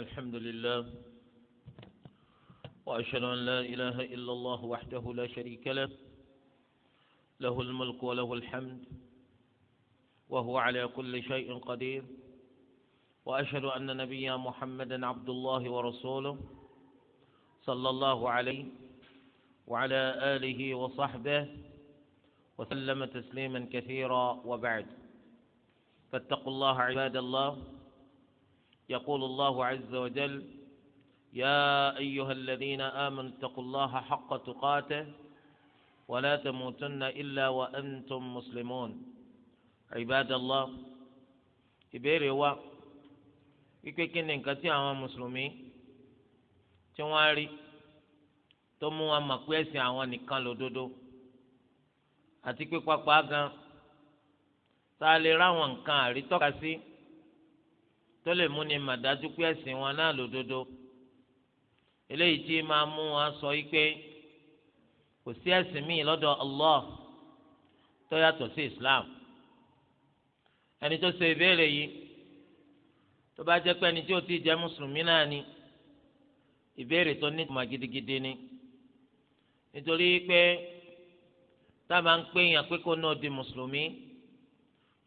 الحمد لله وأشهد أن لا إله إلا الله وحده لا شريك له له الملك وله الحمد وهو على كل شيء قدير وأشهد أن نبينا محمدا عبد الله ورسوله صلى الله عليه وعلى آله وصحبه وسلم تسليما كثيرا وبعد فاتقوا الله عباد الله يقول الله عز وجل يا أيها الذين آمنوا اتقوا الله حق تقاته ولا تموتن إلا وأنتم مسلمون عباد الله ìbéèrè wa wípé kí ni nǹkan tí àwọn mùsùlùmí tí wọ́n rí tó mú wọn mọ̀ pé ẹ̀sìn àwọn nìkan lòdodo àti pé pápá gan tá a lè ráwọn nǹkan àrítọ́ka sí. Si, tó lè n'i màdájú pé ẹ̀sìn wọn náà lòdodo eléyìí tí máa mú wọn sọ yìí pé kò sí ẹ̀sìn míì lọ́dọ̀ Allah tó yàtọ̀ sí Islam ẹni tó ṣe ìbéèrè yìí tó bá jẹ́ pé ẹni tí ó ti jẹ́ mùsùlùmí náà ni ìbéèrè tó ní gidigidi ni nítorí pé ta ma máa ń pè yàn pé kó náà di mùsùlùmí.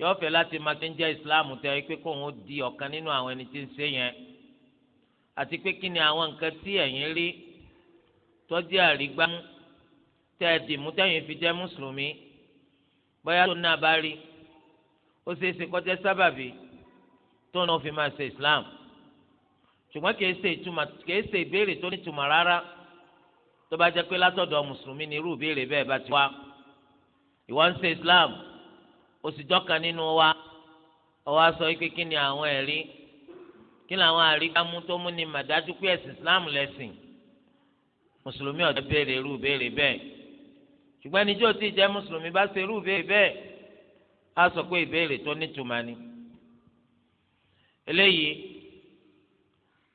yóò fẹ́ láti máa ti ń jẹ́ islam tẹ́ ẹ pé kóun di ọ̀kan nínú àwọn ẹni tí ń ṣe yẹn àti pé kí ni àwọn nǹkan tí ẹ̀yin rí tọ́jú àrígbá tẹ́ ẹ dìmú tẹ́yìn fi jẹ́ mùsùlùmí bóyá tó náà bá rí ó ṣeé ṣe kọjá sábàbí tó náà fi máa ṣe islam ṣùgbọ́n kìí ṣe ìtumọ̀ kìí ṣe ìbéèrè tó nítumọ̀ rárá tó bá jẹ́ pé látọ̀dọ̀ mùsùlùmí ni irú ìbéèrè bẹ́ẹ̀ bá ti wá ìwọ ṣe islam òsìjọ́ kan nínú wa ọwọ́ sọ pé kí ni àwọn ẹ̀rí kí ni àwọn àrígbámú tó mú ni màdájú pé ẹ̀sìn Islam lẹ́sìn mùsùlùmí ọ̀dọ́ béèrè irú béèrè bẹ́ẹ̀ ṣùgbọ́n ẹni tí ó ti jẹ́ mùsùlùmí bá ṣe irú béèrè bẹ́ẹ̀ á sọ pé ìbéèrè tó nítumọ̀ ni eléyìí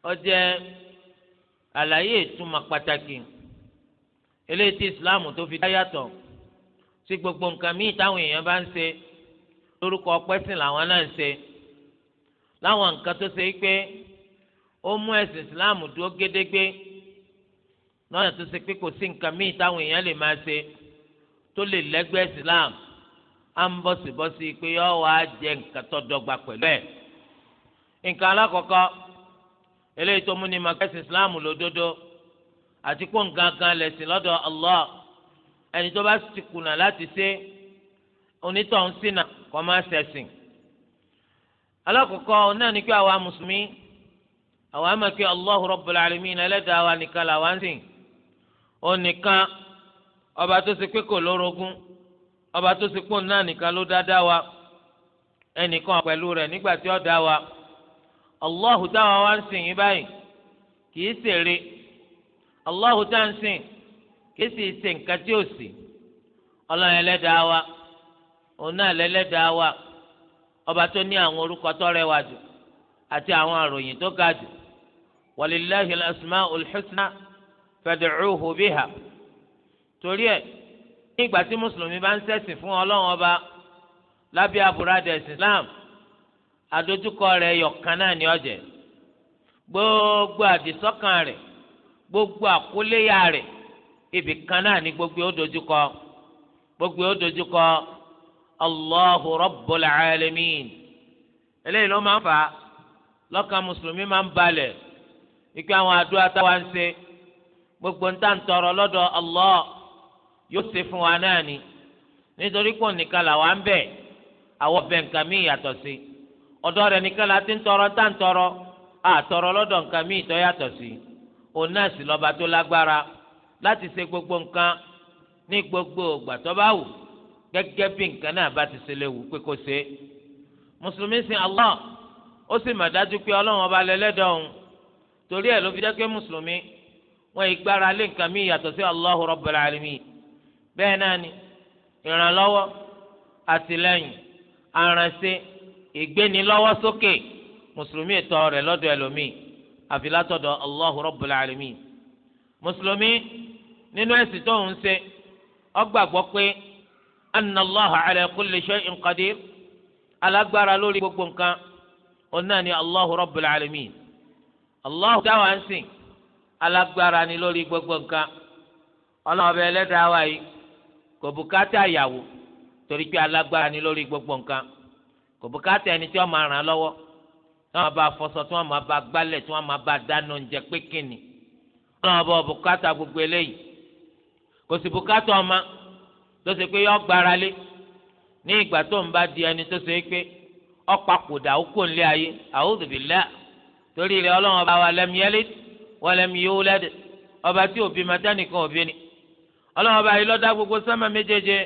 ó jẹ́ àlàyé ìtumọ̀ pàtàkì eléyìí tí Islam tó fi dá yàtọ̀ sí gbogbo nǹkan míì táwọn èèyàn bá ń ṣe. lórúkọ ọpẹ́ sìn làwọn náà ń ṣe láwọn nǹkan tó ṣe pé ó mú ẹ̀sìn islam dúró gédégbé lọ́nà tó ṣe pé kò sí nǹkan míì táwọn èèyàn lè máa ṣe tó lè lẹ́gbẹ́ islam á ń bọ̀sibọ́sí pé yọ wá jẹ nǹkan tó dọ́gba pẹ̀lú ẹ̀ nǹkan alákọ̀ọ́kọ́ eléyìí tó mú ni ma kẹ́sìn islam lódodo àti kó nǹkan kan lẹ̀sìn Allah ẹni tó bá ti kùnà onítọ̀hún sínà kọ́ máa ṣẹ̀sìn. alákọ̀ọ́kọ́ náà ni pé àwa mùsùlùmí àwa máa kí Allahu Rabbul Alamin ẹlẹ́dàá wa nìkan làwa ń sìn. onìkan ọba tó ṣe pé kò lórogún ọba tó ṣe pòun náà nìkan ló dá dá wa ẹnìkan pẹ̀lú rẹ̀ nígbà tí ó dá wa. Allahu òun náà wa ọba tó ní àwọn orúkọ tó rẹwà jù àti àwọn àròyìn tó ga jù walillahi al-asma'ul husna fad'uhu biha torí ẹ nígbà tí mùsùlùmí bá ń ṣẹ̀sìn fún ọlọ́run ọba lábẹ́ àbúradà ẹ̀sìn islam àdójúkọ rẹ̀ yọ̀kan náà ní ọ̀jẹ̀ gbogbo àdìsọ́kàn rẹ̀ gbogbo àkóléyà rẹ̀ ibì kan náà ní gbogbo ó dojúkọ gbogbo ó dojúkọ. allahu rabbul alamin eléyìí ló máa ń fà á lọ́kàn mùsùlùmí máa ń balẹ̀ ikú àwọn àdúrà táwa ń ṣe gbogbo nta ń tọrọ lọ́dọ̀ allah yóò ṣe fún wa náà ni nítorí pé nìkan làwa ń bẹ̀ àwọn ọbẹ̀ nǹkan mi yàtọ̀ sí ọ̀dọ̀ rẹ̀ nìkan la ti ń tọrọ tá ń tọrọ àtọrọ lọ́dọ̀ nǹkan mi ìtọ́ yàtọ̀ sí òun náà sì lọ́ba tó lágbára láti ṣe gbogbo nǹkan ní gbogbo ìgbà tó bá wù. gẹ́gẹ́ bí nǹkan náà bá ti ṣe pé kò ṣe é mùsùlùmí sin Allah ó sì mà dájú pé ọlọ́run ọba lẹ́lẹ́dọ̀ torí ẹ̀ ló fi mùsùlùmí wọn ìgbára lé nǹkan míì yàtọ̀ sí Allah Rabbul bẹ́ẹ̀ náà ni ìrànlọ́wọ́ àtìlẹ́yìn aránṣẹ́ ìgbénilọ́wọ́ sókè mùsùlùmí ètò rẹ̀ lọ́dọ̀ ẹlòmíì àfi látọ̀dọ̀ na allah ala kulli shay'in qadir alágbára lórí gbogbo nǹkan ọ̀nà ni allahu rabbul alamin allahu dáwà ń sìn alágbára ni lórí gbogbo nǹkan ọlọ́run ọba ẹlẹ́dàá wa yìí kò bùkátà ìyàwó ni lórí gbogbo nǹkan kò bùkátà ẹni tí wọ́n máa ràn án lọ́wọ́ tí wọ́n bá tó ṣe pé yọ gbára lé ní ìgbà tó ń bá di ẹni tó ṣe pé ọ̀pàkùdà òkú ńlẹ̀ ayé a'udhu torí ọlọ́run ọba wa lam yalid wa lam yulad ọba tí òbí ni ọlọ́run ọba gbogbo sánmà méjèèje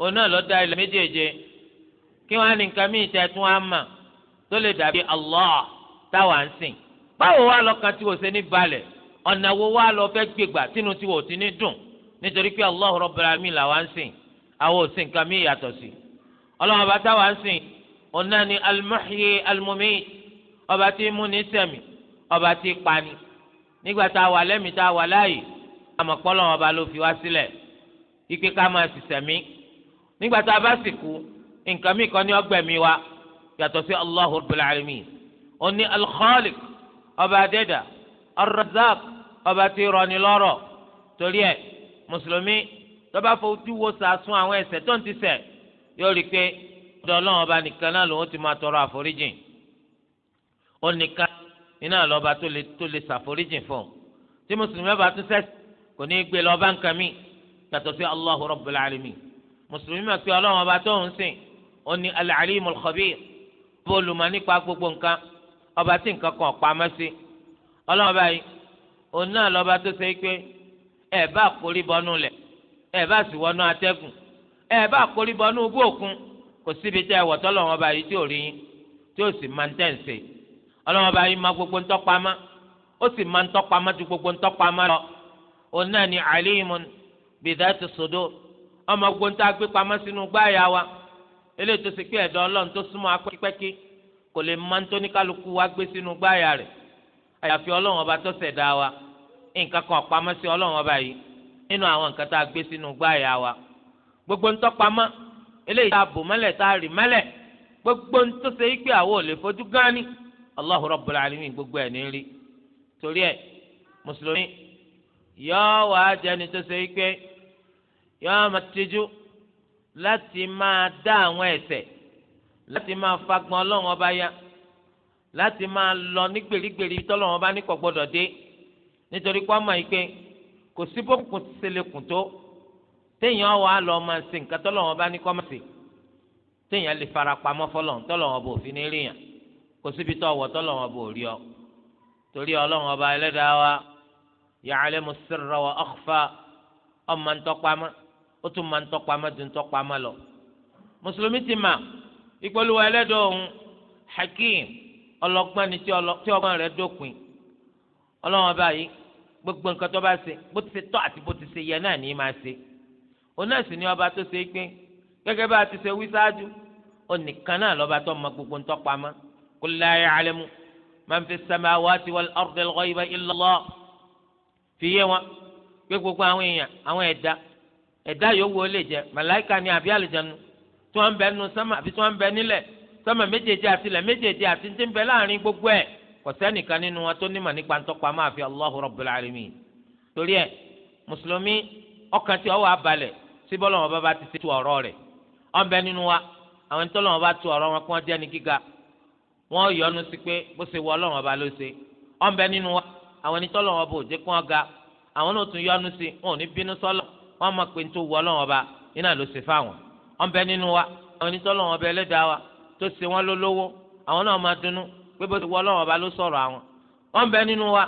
òun náà lọ́dá ilẹ̀ méjèèje kí wọ́n á ní nǹkan míì tẹ́ tún á mà tó lè dàbí Allah táwa ń sìn báwo wá lọ́kàn tí nítorí pé allah Rabbul Alamin làwa ń sìn àwọn ò sìn nǹkan mí yàtọ̀ sí ọlọ́run ọba táwa ń sìn òun náà ni al-muhyi al-mumit ọba tí mú ní sẹ̀mí ọba tí pani nígbà tá a wà lẹ́mí tá a wà láàyè àmọ̀pọ́lọ́ ọba ló fi wá sílẹ̀ ike ká máa sì sẹ̀mí nígbà tá a bá sì kú nǹkan mí kan ní ọgbẹ̀mí wa yàtọ̀ sí allah Rabbul Alamin òun ni al ọba adẹ́dà ar-razzaq ọba tí rọni lọ́rọ̀ torí ẹ̀ mùsùlùmí tó bá fojú wo sàásùn àwọn ẹ̀ṣẹ̀ tó ń ti ṣẹ̀ yóò rí i pé ọ̀dọ̀ Ọlọ́run ọba nìkan náà lòun ti máa tọrọ àforíjìn ó nìkan iná lọ́ba tó lè tó lè ṣàforíjìn fún un tí mùsùlùmí bá tún ṣẹ̀ kò ní í gbé lọ bá ń kan mí yàtọ̀ sí Allahu Rabbul Alamin mùsùlùmí mọ̀ pé Ọlọ́run ọba tó ń sìn ó ní Al-Alimul Khabir nípa gbogbo nǹkan ọba tí nǹkan kan pamọ́ sí Ọlọ́run ọba yìí òun náà lọ́ba tó ṣe pé ẹ bá kórí bọnú lẹ̀ ẹ bá sì wọnú atẹ́gùn ẹ bá kórí bọnú ogú òkun kò síbi tẹ́ ẹ wọ̀ tọ́lọ̀ wọn bá yìí tí ò rí yín tí ó sì máa ń tẹ̀sẹ̀ ọlọ́wọ́n bá yìí máa gbogbo ń tọ́pamọ́ ó sì máa ń tọ́pamọ́ ju gbogbo ń tọ́pamọ́ lọ òun náà ni alimun bidhati sudur ọmọ gbogbo ń tá a gbé pamọ́ sínú gbáàyà wa eléyìí tó ṣe pé ẹ̀dọ́ ọlọ́run tó súnmọ́ apẹ́kípẹ́kí kò lè máa ń tóníkálukú wa gbé sínú gbáàyà rẹ̀ àyàfi ọlọ́run ọba tó ṣẹ̀dá wa nǹkan kan pamọ́ sí ọlọ́run ọba yìí nínú àwọn nǹkan tá a gbé sínú gbáàyà wa gbogbo ń tọ́pamọ́ eléyìí tá a bò mọ́lẹ̀ tá a rì mọ́lẹ̀ gbogbo ń tó ṣe ikpe àwọn ò lè fojú gán ni Allahu Rabbul Alamin gbogbo ẹ̀ ní rí torí ẹ̀ mùsùlùmí tó ṣe láti máa dá àwọn láti máa lọ ní gbèrígbèrí tọ́lọ́run ọba ní nítorí pé ọmọ yìí pé kò sí bókun ti ṣẹlẹ̀kùn tó téèyàn wà á lọ máa ṣe nǹkan tọ́lọ́wọ́n bá ní kọ́ máa ṣe téèyàn lè fara pamọ́ fọlọ́n tọ́lọ́wọ́n bò fi ní rí yàn kò síbi tó ọwọ́ tọ́lọ́wọ́n bò rí ọ torí ọlọ́run ọba ẹlẹ́dàá wa ya'lamu sirra wa akhfa ọmọ ntọ́pamọ́ ó tún máa ntọ́pamọ́ ju ntọ́pamọ́ lọ mùsùlùmí ti mà ìpolówó ẹlẹ́dàá òun hakeem ọlọ́gbọ́n ni tí ọgbọ́n rẹ̀ dópin ọlọ́run ọba gbogbo nǹkan tó bá ṣe bó ti ṣe tọ́ àti bó ti ṣe yẹ náà ní í máa ṣe òun náà sì ni ọba tó ṣe é pé gẹ́gẹ́ bá a ti ṣe wí ṣáájú onìkan náà lọ́ba tó mọ gbogbo ń tọ́pa mọ́ kul la ya'lamu man fi samawati wal ardil ghayba illa Allah fi yé wọn pé gbogbo àwọn èèyàn àwọn ẹ̀dá ẹ̀dá yòówù ó lè jẹ màláìka ni àbí àlùjànnú tí wọ́n ń bẹ nínú sánmà àbí tí wọ́n ń bẹ nílẹ̀ sánmà méjèèjì àti méjèèjì àti ti ń bẹ láàrin gbogbo ẹ̀ kò sẹ́nìkan nínú wọn tó nímọ̀ nípa ntọ́pá máa fi Allahu Rabbul Alamin torí ẹ mùsùlùmí ọkàn tí ọwọ́ abalẹ̀ sí bọ́lọ́wọ́n bá bá ti ṣe tu ọ̀rọ̀ rẹ̀ ọ̀nbẹ nínú wa àwọn tó lọ́wọ́ bá tu ọ̀rọ̀ wọn kó wọ́n jẹ́ ní gíga wọ́n yọ́nú sí pé bó ṣe wọ ọlọ́wọ́n bá ló ṣe ọ̀nbẹ nínú wa àwọn ẹni tó lọ́wọ́ bò jẹ́ kó wọ́n ga àwọn náà tún yọ́nú sí wọn ò ní bínú sọ́lọ̀ wọ́n mọ̀ pé tó wọ ọlọ́wọ́n bá iná ló ṣe fáwọn ọ̀nbẹ nínú wa àwọn ẹni tó lọ́wọ́ ẹlẹ́dàá wa tó ṣe wọ́n lólówó àwọn náà máa dunnú pé bó ti wọ ọlọ́wọ́n ọba ló sọ̀rọ̀ àwọn wọ́n bẹ nínú wa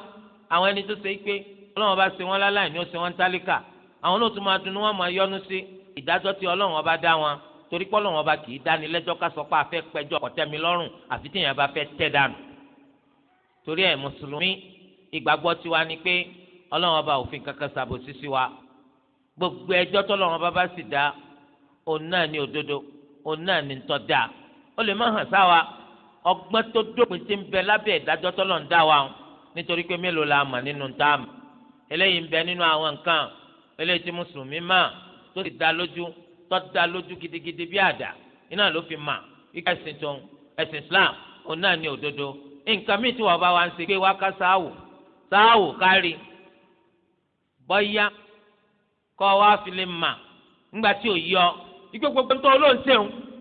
àwọn ẹni tó ṣe é pé ọlọ́wọ́n ọba ṣe wọ́n láláì ní ó ṣe wọ́n tálíkà àwọn náà tún máa dùnnú wọn máa yọnu sí ìdájọ́ tí ọlọ́wọ́n ọba dá wọn torí pé ọlọ́wọ́n ọba kì í dáni lẹ́jọ́ ká sọ pé afẹ́ pẹjọ́ kọ̀tẹ́mi lọ́rùn àfi tí èèyàn bá fẹ́ tẹ́ dànù torí ẹ̀ mùsùlùmí ìgbàgbọ́ tiwa ni pé ọlọ́wọ́n ọba òfin kankan ṣàbòsí sí wa gbogbo ẹjọ́ tọ́lọ́wọ́n ọba bá sì dá òun náà ní òdodo òun náà ní ntọ́ dáa ó lè má hàn sáwa ọgbọ́n tó dópin ti ń bẹ lábẹ́ ìdájọ́ tọ́lọ̀ ń dá wa o nítorí pé mélòó la mọ̀ nínú táàmù eléyìí ń bẹ nínú àwọn nǹkan eléyìí tí mùsùlùmí mà tó sì dá lójú tó dá lójú gidigidi bí àdá iná ló fi mà ike ẹ̀sìn tó ẹ̀sìn Islam òun náà ní òdodo nǹkan míì tí wọ́n bá wa ń ṣe pé wá ká sáwò sáwò kárí bọ́yá kọ́ wa fi lè mà ńgbà tí ò yọ igbó gbogbo ń tọ́ olóńsẹ̀hún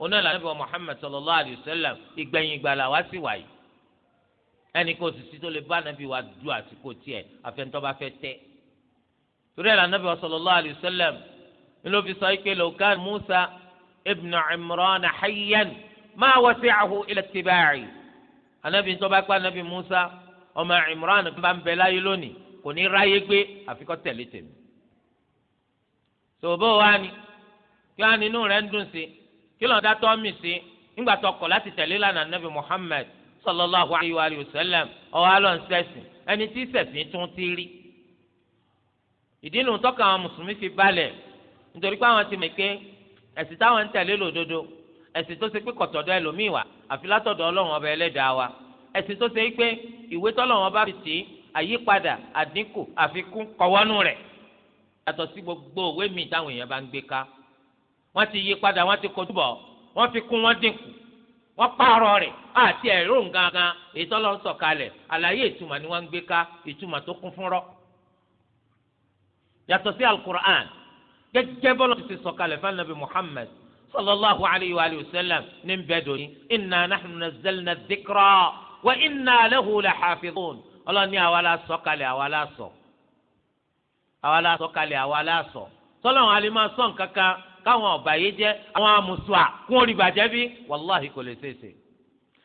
oní ànábì wa Muhammad sallallahu alayhi wa sallam ìgbẹ̀yìn ìgbàlà wá sí wáyé ẹnì kò sì sí tó lè bá ànábì wa du àsìkò tiẹ̀ àfẹnutọ́ bá fẹ́ tẹ́ torí ẹ̀ ànábì wa sallallahu alayhi wa sallam ló fi sọ pé law kan Musa ibn Imran hayyan ma wasi'ahu ila ittiba'i anabi tó bá pa anabi Musa ọmọ Imran bá ń bẹ láyé kò ní ráyé gbé àfi kó tẹ̀lé tèmi. sòbó wa ni kí wọn nínú rẹ̀ ń dùn sí kí ló dá mi sí nígbà tó kọ̀ láti tẹ̀lé lánàá nàbì Muhammad sallallahu alayhi wa sallam ọ̀hún alọ́ nsẹ́sìn ẹni tí sẹ̀sìn tún ti rí ìdínú fi balẹ̀ nítorí pé àwọn ti mọ̀ pé ẹ̀sìn táwọn ń tẹ̀lé lòdodo ẹ̀sìn tó ṣe pé àfi látọ̀dọ̀ ọlọ́run ọba ẹlẹ́dàá wa ẹ̀sìn tó ṣe pé ìwé àyípadà àdínkù àfikún kọ̀wọ́nù rẹ̀ wọ́n ti yí padà wọ́n ti kojú bọ̀ wọ́n fi kún wọ́n dínkù wọ́n pààrọ̀ rẹ̀ àti ẹ̀rọ ngangan èyí tó lọ ń sọ̀kalẹ̀ àlàyé ìtumọ̀ ni wọ́n ń gbé ká ìtumọ̀ tó kún fúnrọ́. yàtọ̀ sí alukur'an gẹ́gẹ́ bọ́lá ti sọ̀kalẹ̀ fún anabi muhammed sallallahu alayhi wa sallam ní bẹ́ẹ̀ dòní inna nahnu nazzalna dhikra wa inna lahu lahafidhun ọlọ́ni àwa la sọ̀kalẹ̀ àwa la sọ àwa la sọ̀kalẹ̀ àwa la sọ tọ́lọ́run alimọ̀ sọ̀n kankan káwọn ọba yìí jẹ àwọn amùsùà kún orí bàjẹ́ bí wàláhì kò lè ṣeéṣe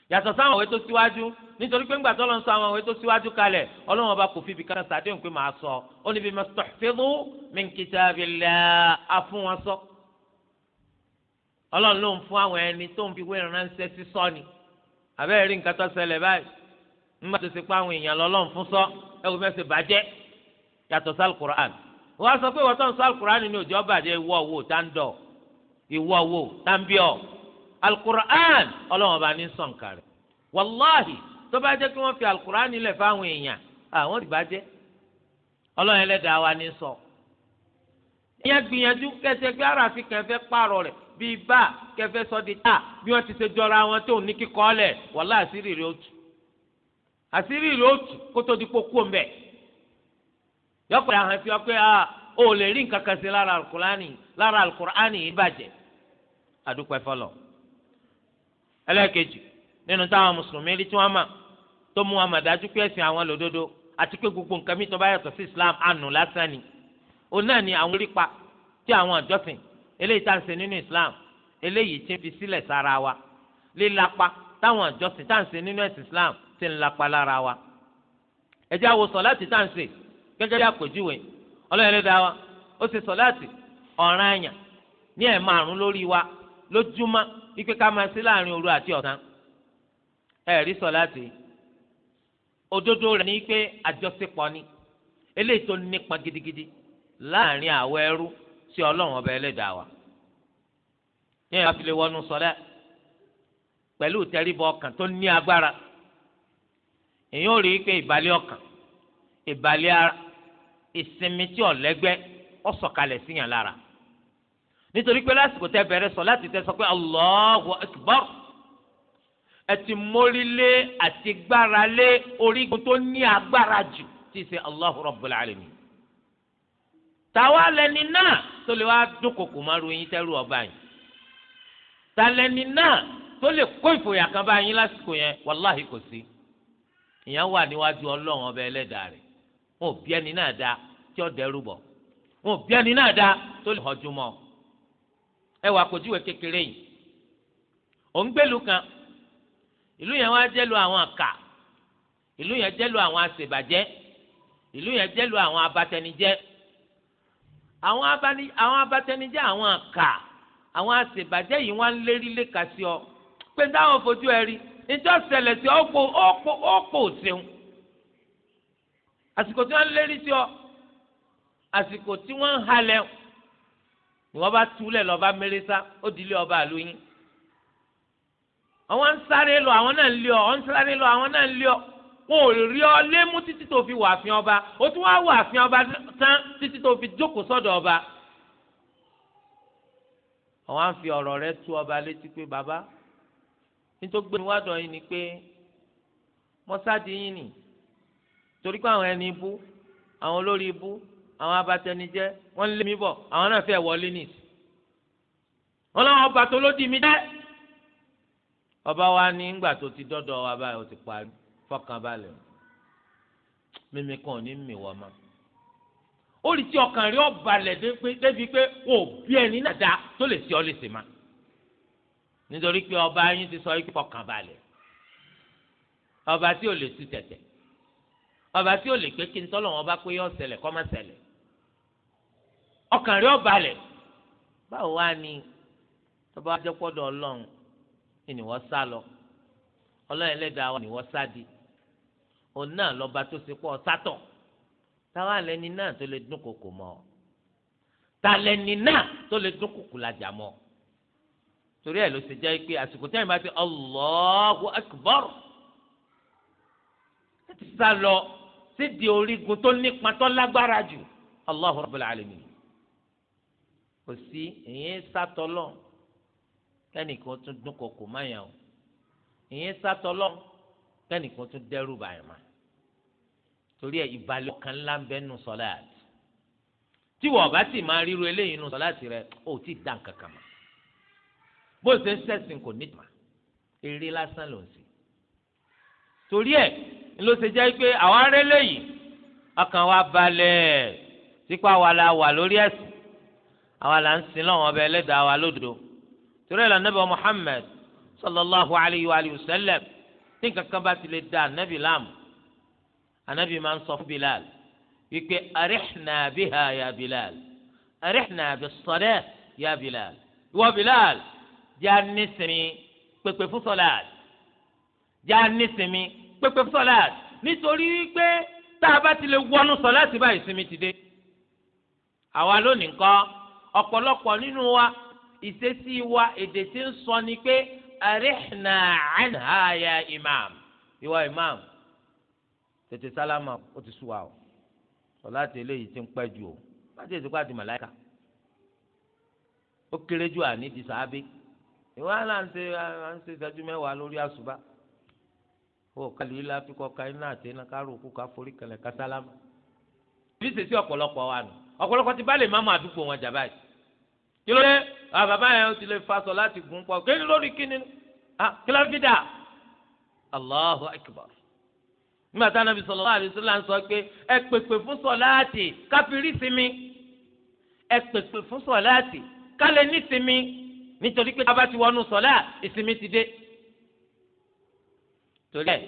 yàtọ̀ sáwọn òwe tó síwájú nítorí pé ńgbà tó lọ́n sọ àwọn òwe tó síwájú kalẹ̀ ọlọ́run ọba kò fi ibi kan sàdéhùn pé màá sọ ó níbi mastahfidhu min kitabillah afún wọn sọ ọlọ́run ló ń fún àwọn ẹni tó ń fi wé ránṣẹ́ sí sọ ni àbẹ́rẹ́ rí nǹkan tó ṣẹlẹ̀ báyìí ńgbà tó ṣe wọ́n á sọ pé wọ́n tó ń sọ alukur'an ní òjò bàjẹ́ ìwọ wo tá ń dọ̀ ìwọ wo tá ń bíọ̀ alukur'an ọlọ́wọ́n bá ní sọ̀nkà rẹ̀ wàláhì tó bá jẹ́ kí wọ́n fi alukur'an nílẹ̀ fáwọn èèyàn àwọn ti bàjẹ́ ọlọ́wọ́n ẹlẹ́dàá wa ní sọ. ìyẹn gbìyànjú kẹsẹ̀ pé aráàfin kan fẹ́ pààrọ̀ rẹ̀ bíi bá kẹfẹ́ sọ di tá bí wọ́n ti ṣe jọra wọn tó ní kíkọ́ yọkùnrin àwọn fi ọpẹ a ah, ò lè rí nǹkan kan sí lára alukurani lára alukurani yìí bàjẹ́ adúpẹ́ fọlọ́ ẹlẹ́ẹ̀kejì nínú táwọn mùsùlùmí rí tí wọ́n mà tó mú wọn mà dájú pé ẹ̀sìn àwọn lòdodo àti pé gbogbo nǹkan mi tó bá yàtọ̀ sí islam àánú lásán ni òun náà ni àwọn orípa tí àwọn àjọsìn eléyìí tá à ń ṣe nínú islam eléyìí tí ń fi sílẹ̀ sára wa lílapa táwọn àjọsìn tá à ń ṣe nínú ẹ̀sìn islam ti ń lapa lára wa ẹ̀jẹ̀ àwòsàn láti tá à ń ṣe gẹ́gẹ́ bí àpèjúwe ọlọ́run ẹlẹ́dàá wa ó sọ láti ọ̀ràn àyàn ní ẹ̀ márùn lórí wa lójúmọ́ wípé ká máa sí láàrin òru àti ọ̀sán ẹ̀rí láti òdodo rẹ̀ ní pé àjọṣepọ̀ ni eléyìí tó nípa gidigidi láàrin àwọ̀ ẹrú sí ọba wa ní wọnú pẹ̀lú ọkàn tó ní agbára èyí ò rí ara ìsinmi tí ọ̀lẹ́gbẹ́ ó sọ̀kalẹ̀ síyàn lára nítorí pé lásìkò tẹ bẹ̀rẹ̀ sọ láti tẹ sọ pé Allahu Akbar ẹ ti mórí lé àti gbára lé orígun tó ní agbára jù tí í ṣe Allahu Rabbul Alamin tàwa lẹni náà tó lè wá dúnkokò máa ro eyín tẹ́rù ọba yìí ta lẹni náà tó lè kó ìfòyà kan bá yín lásìkò yẹn wàláhì kò sí ìyẹn wà níwájú ọlọ́run ọba ẹlẹ́dàá rẹ̀ wọn ò bí ẹni náà da tí ó dẹrù bọ̀ wọn ò bí ẹni náà da tó lè hànjú mọ́ ẹ wà àpòjúwe kékeré yìí ò kan ìlú yẹn wá jẹ́ lu àwọn àkà ìlú yẹn jẹ́ lu àwọn àṣebàjẹ́ ìlú yẹn jẹ́ lu àwọn abatẹnijẹ́ àwọn abani àwọn abatẹnijẹ́ àwọn àkà àwọn àṣebàjẹ́ yìí wọ́n á lérí léka sí ọ pé táwọn fojú ẹ rí níjọ́ ṣẹlẹ̀ sí ọ̀pọ̀ ọ̀pọ̀ ọ̀pọ̀ òṣèlú àsìkò tí wọ́n lérí sí ọ àsìkò tí wọ́n ń halẹ̀ ni wọ́n bá túlẹ̀ lọ́ba mẹ́rẹ́sá ó di ilé ọba àlóyún àwọn ń sáré lọ àwọn náà ń lé ọ àwọn ń sáré lọ àwọn náà ń lé ọ wọn ò rí ọ lémú títí tó fi wà àfin ọba ó tún wá wà àfin ọba tán títí tó fi jókòó sọ́dọ̀ ọba àwọn á fi ọ̀rọ̀ rẹ̀ tú ọba létí pé bàbá nítorí gbé mi wá dọ̀ yín ni pé mọ́sáàdì yín nìyí torí pé àwọn ẹni ibú àwọn olórí ibú àwọn abatẹnijẹ wọn lé mi bọ̀ àwọn náà fẹ́ wọlé nìyí wọn làwọn ọba tó ló di mi dẹ ọba wa ní ngbà tó ti dọdọ wa báyìí ó ti parí fọkàn balẹ̀ mímí kan ò ní mì wọ ma ó lè ti ọkàn rí ọba lẹ débi pé wò bí ẹni náà dá tó lè ti ọ lè sè ma nítorí pé ọba yín ti sọ yín fọkàn balẹ̀ ọba tí ò lè tu tẹ̀tẹ̀ ọba tí ó lè pé kí n tọ́lọ̀ wọn bá pé yọ ṣẹlẹ̀ kọ́ má ṣẹlẹ̀ ọkàn rẹ̀ ọba lẹ̀ báwo wá ni tọ́ba jẹ́pọ̀dọ̀ ọlọ́run ni wọ́n sá lọ ọlọ́run ẹlẹ́dàá wa ni wọ́n sá di òun náà lọ́ba tó ṣe pọ̀ sátọ̀ táwa lẹni náà tó lè dún kòkò mọ́ ọ ta lẹni náà tó lè dún kòkò làjà mọ́ ọ torí ẹ̀ ló ṣe jẹ́ pé àsìkò tẹ́yìn bá ti Allahu Akbar ẹ ti sá lọ sídìí orígun tó nípa tó lágbára jù Allahu Rabbul Alamin kò sí ìyẹn sátọlọ kẹ́nìkan tún dún kòkò máyà o ìyẹn sátọlọ kẹ́nìkan tún dẹ́rù bàyà má torí ẹ ìbalẹ̀ ọkàn ńlá ń bẹ nù sọláàtì tí wọ́n bá sì máa ríru eléyìí nù sọláàtì rẹ ó ti dàn kankan mọ́ bó ṣe ń sẹ́sìn kò ní ìtumọ̀ eré lásán ló ń sìn torí ẹ ló ṣe jẹ́ pé àwọn arẹ́ lẹ́yìn ọkàn wa balẹ̀ sípò àwa la wà lórí ẹ̀sìn àwa la ń sin lọ́wọ́ ọbẹ̀ ẹlẹ́dàá wa lódodo torí ẹ̀ lànà bọ̀ Muhammad sallallahu alayhi wa sallam ní kankan bá ti lè da anabi láàmú anabi máa ń sọ fún Bilal wípé arihna biha ya Bilal arihna bis-salah ya Bilal ìwọ Bilal jẹ́ anísìmí pèpè fún sọ́lá jẹ́ anísìmí pépé sọláàt nítorí wípé tá a bá ti lè wọnú sọláàtì báyìí sinmi ti dé àwa lónìí kan ọ̀pọ̀lọpọ̀ nínú wa ìṣesí wa èdè tí ń sọ ni pé àríhìnà àìníhàyà imam ìwà imam tètè sálámà ó ti sú wa o sọláàtì eléyìí ti ń pẹ́ jù o láti ètò pàdé màláìka ó kéré jù àní di sàábé ìwà là ń ṣe ń ṣe ìṣẹ́jú mẹ́wàá lórí àṣùbà o kàlùyí la fi kọ kàyí náà tẹ náà kárò kú ká forí kẹlẹ kásálámù. bí sèse ọ̀pọ̀lọpọ̀ wa nù ọ̀pọ̀lọpọ̀ ti bá lè má mọ àdúgbò wọn jà báyìí. kí ló dé àwọn bàbá yẹn ti lè fa sọ láti gùn pọ̀ kí ni lórí kí ni ah, kí ló fi dà. Allahu akbar. nígbà táwọn nàbì sallallahu alaihi wasallam sọ pé ẹ pèpè fún sọ láti káfírí sinmi ẹ pèpè fún sọ láti kálẹ̀ ní sinmi nítorí pé tábà ti wọnú sọlá ìsinmi ti dé torí ẹ̀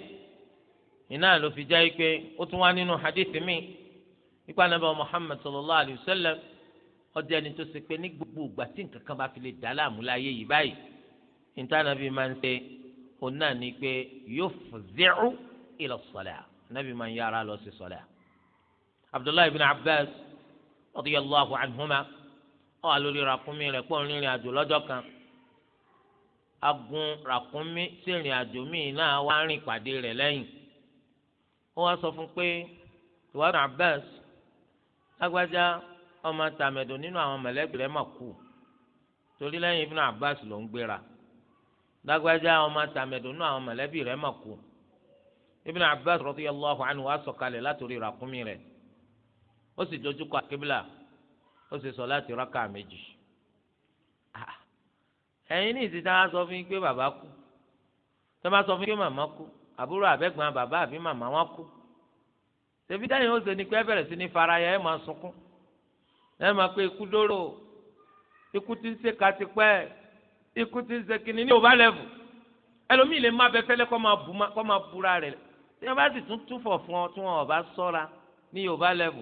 iná ló fi jẹ́ pé ó tún wá nínú hadithi mi nípa nàbà Muhammad sallallahu alayhi wa sallam ọdẹ ẹni tó ṣe pé ní gbogbo ìgbà tí nǹkan kan bá fi lè dá láàmú láyé yìí báyìí ìtànàbí máa ń ṣe òun náà ni pé yufzi'u ila salah nàbí máa ń yára lọ sí salah. abdullahi bin abbas radiyallahu anhuma ọ̀ àlórí ràkúnmí rẹ̀ pọ̀ nínú ìrìn àjò lọ́jọ́ kan. agun ràkúnmí sìnrìn àjò míì náà wá rìn pàdé rẹ̀ lẹ́yìn ó wá sọ fún pé ìwádìí Abbas lágbájá ọmọ tàmẹ̀dò nínú àwọn mọ̀lẹ́bí rẹ̀ mà kú torí lẹ́yìn Ibn Abbas ló ń gbéra lágbájá ọmọ tàmẹ̀dò nínú àwọn mọ̀lẹ́bí rẹ̀ mà kú Ibn Abbas radiyallahu anhu wá sọ̀kalẹ̀ látòrí ràkúnmí rẹ̀ ó sì dojú ó sì sọ láti rákà méjì ah, ẹ̀yin ní ìsìn táwọn sọ fún yín pé bàbá kú tó bá sọ fún yín pé màmá kú àbúrò àbẹ́gbọ́n bàbá àbí màmá wọn kú tẹ̀bí dáhìn ó ṣe ni pé bẹ̀rẹ̀ sí ní faraya ẹ̀ máa sunkún ẹ̀ máa pé ikú dóró ikú ti ń ṣe katipẹ́ ikú ti ń ṣe kínní ní òbá lẹ́vù ẹlòmíì lè má bẹ fẹ́lẹ́ kọ́ máa búra rẹ̀ tí wọ́n bá sì tún túfọ̀ fún ọ tí wọ́n ọba sọ́ra ní yorùbá lẹ́vù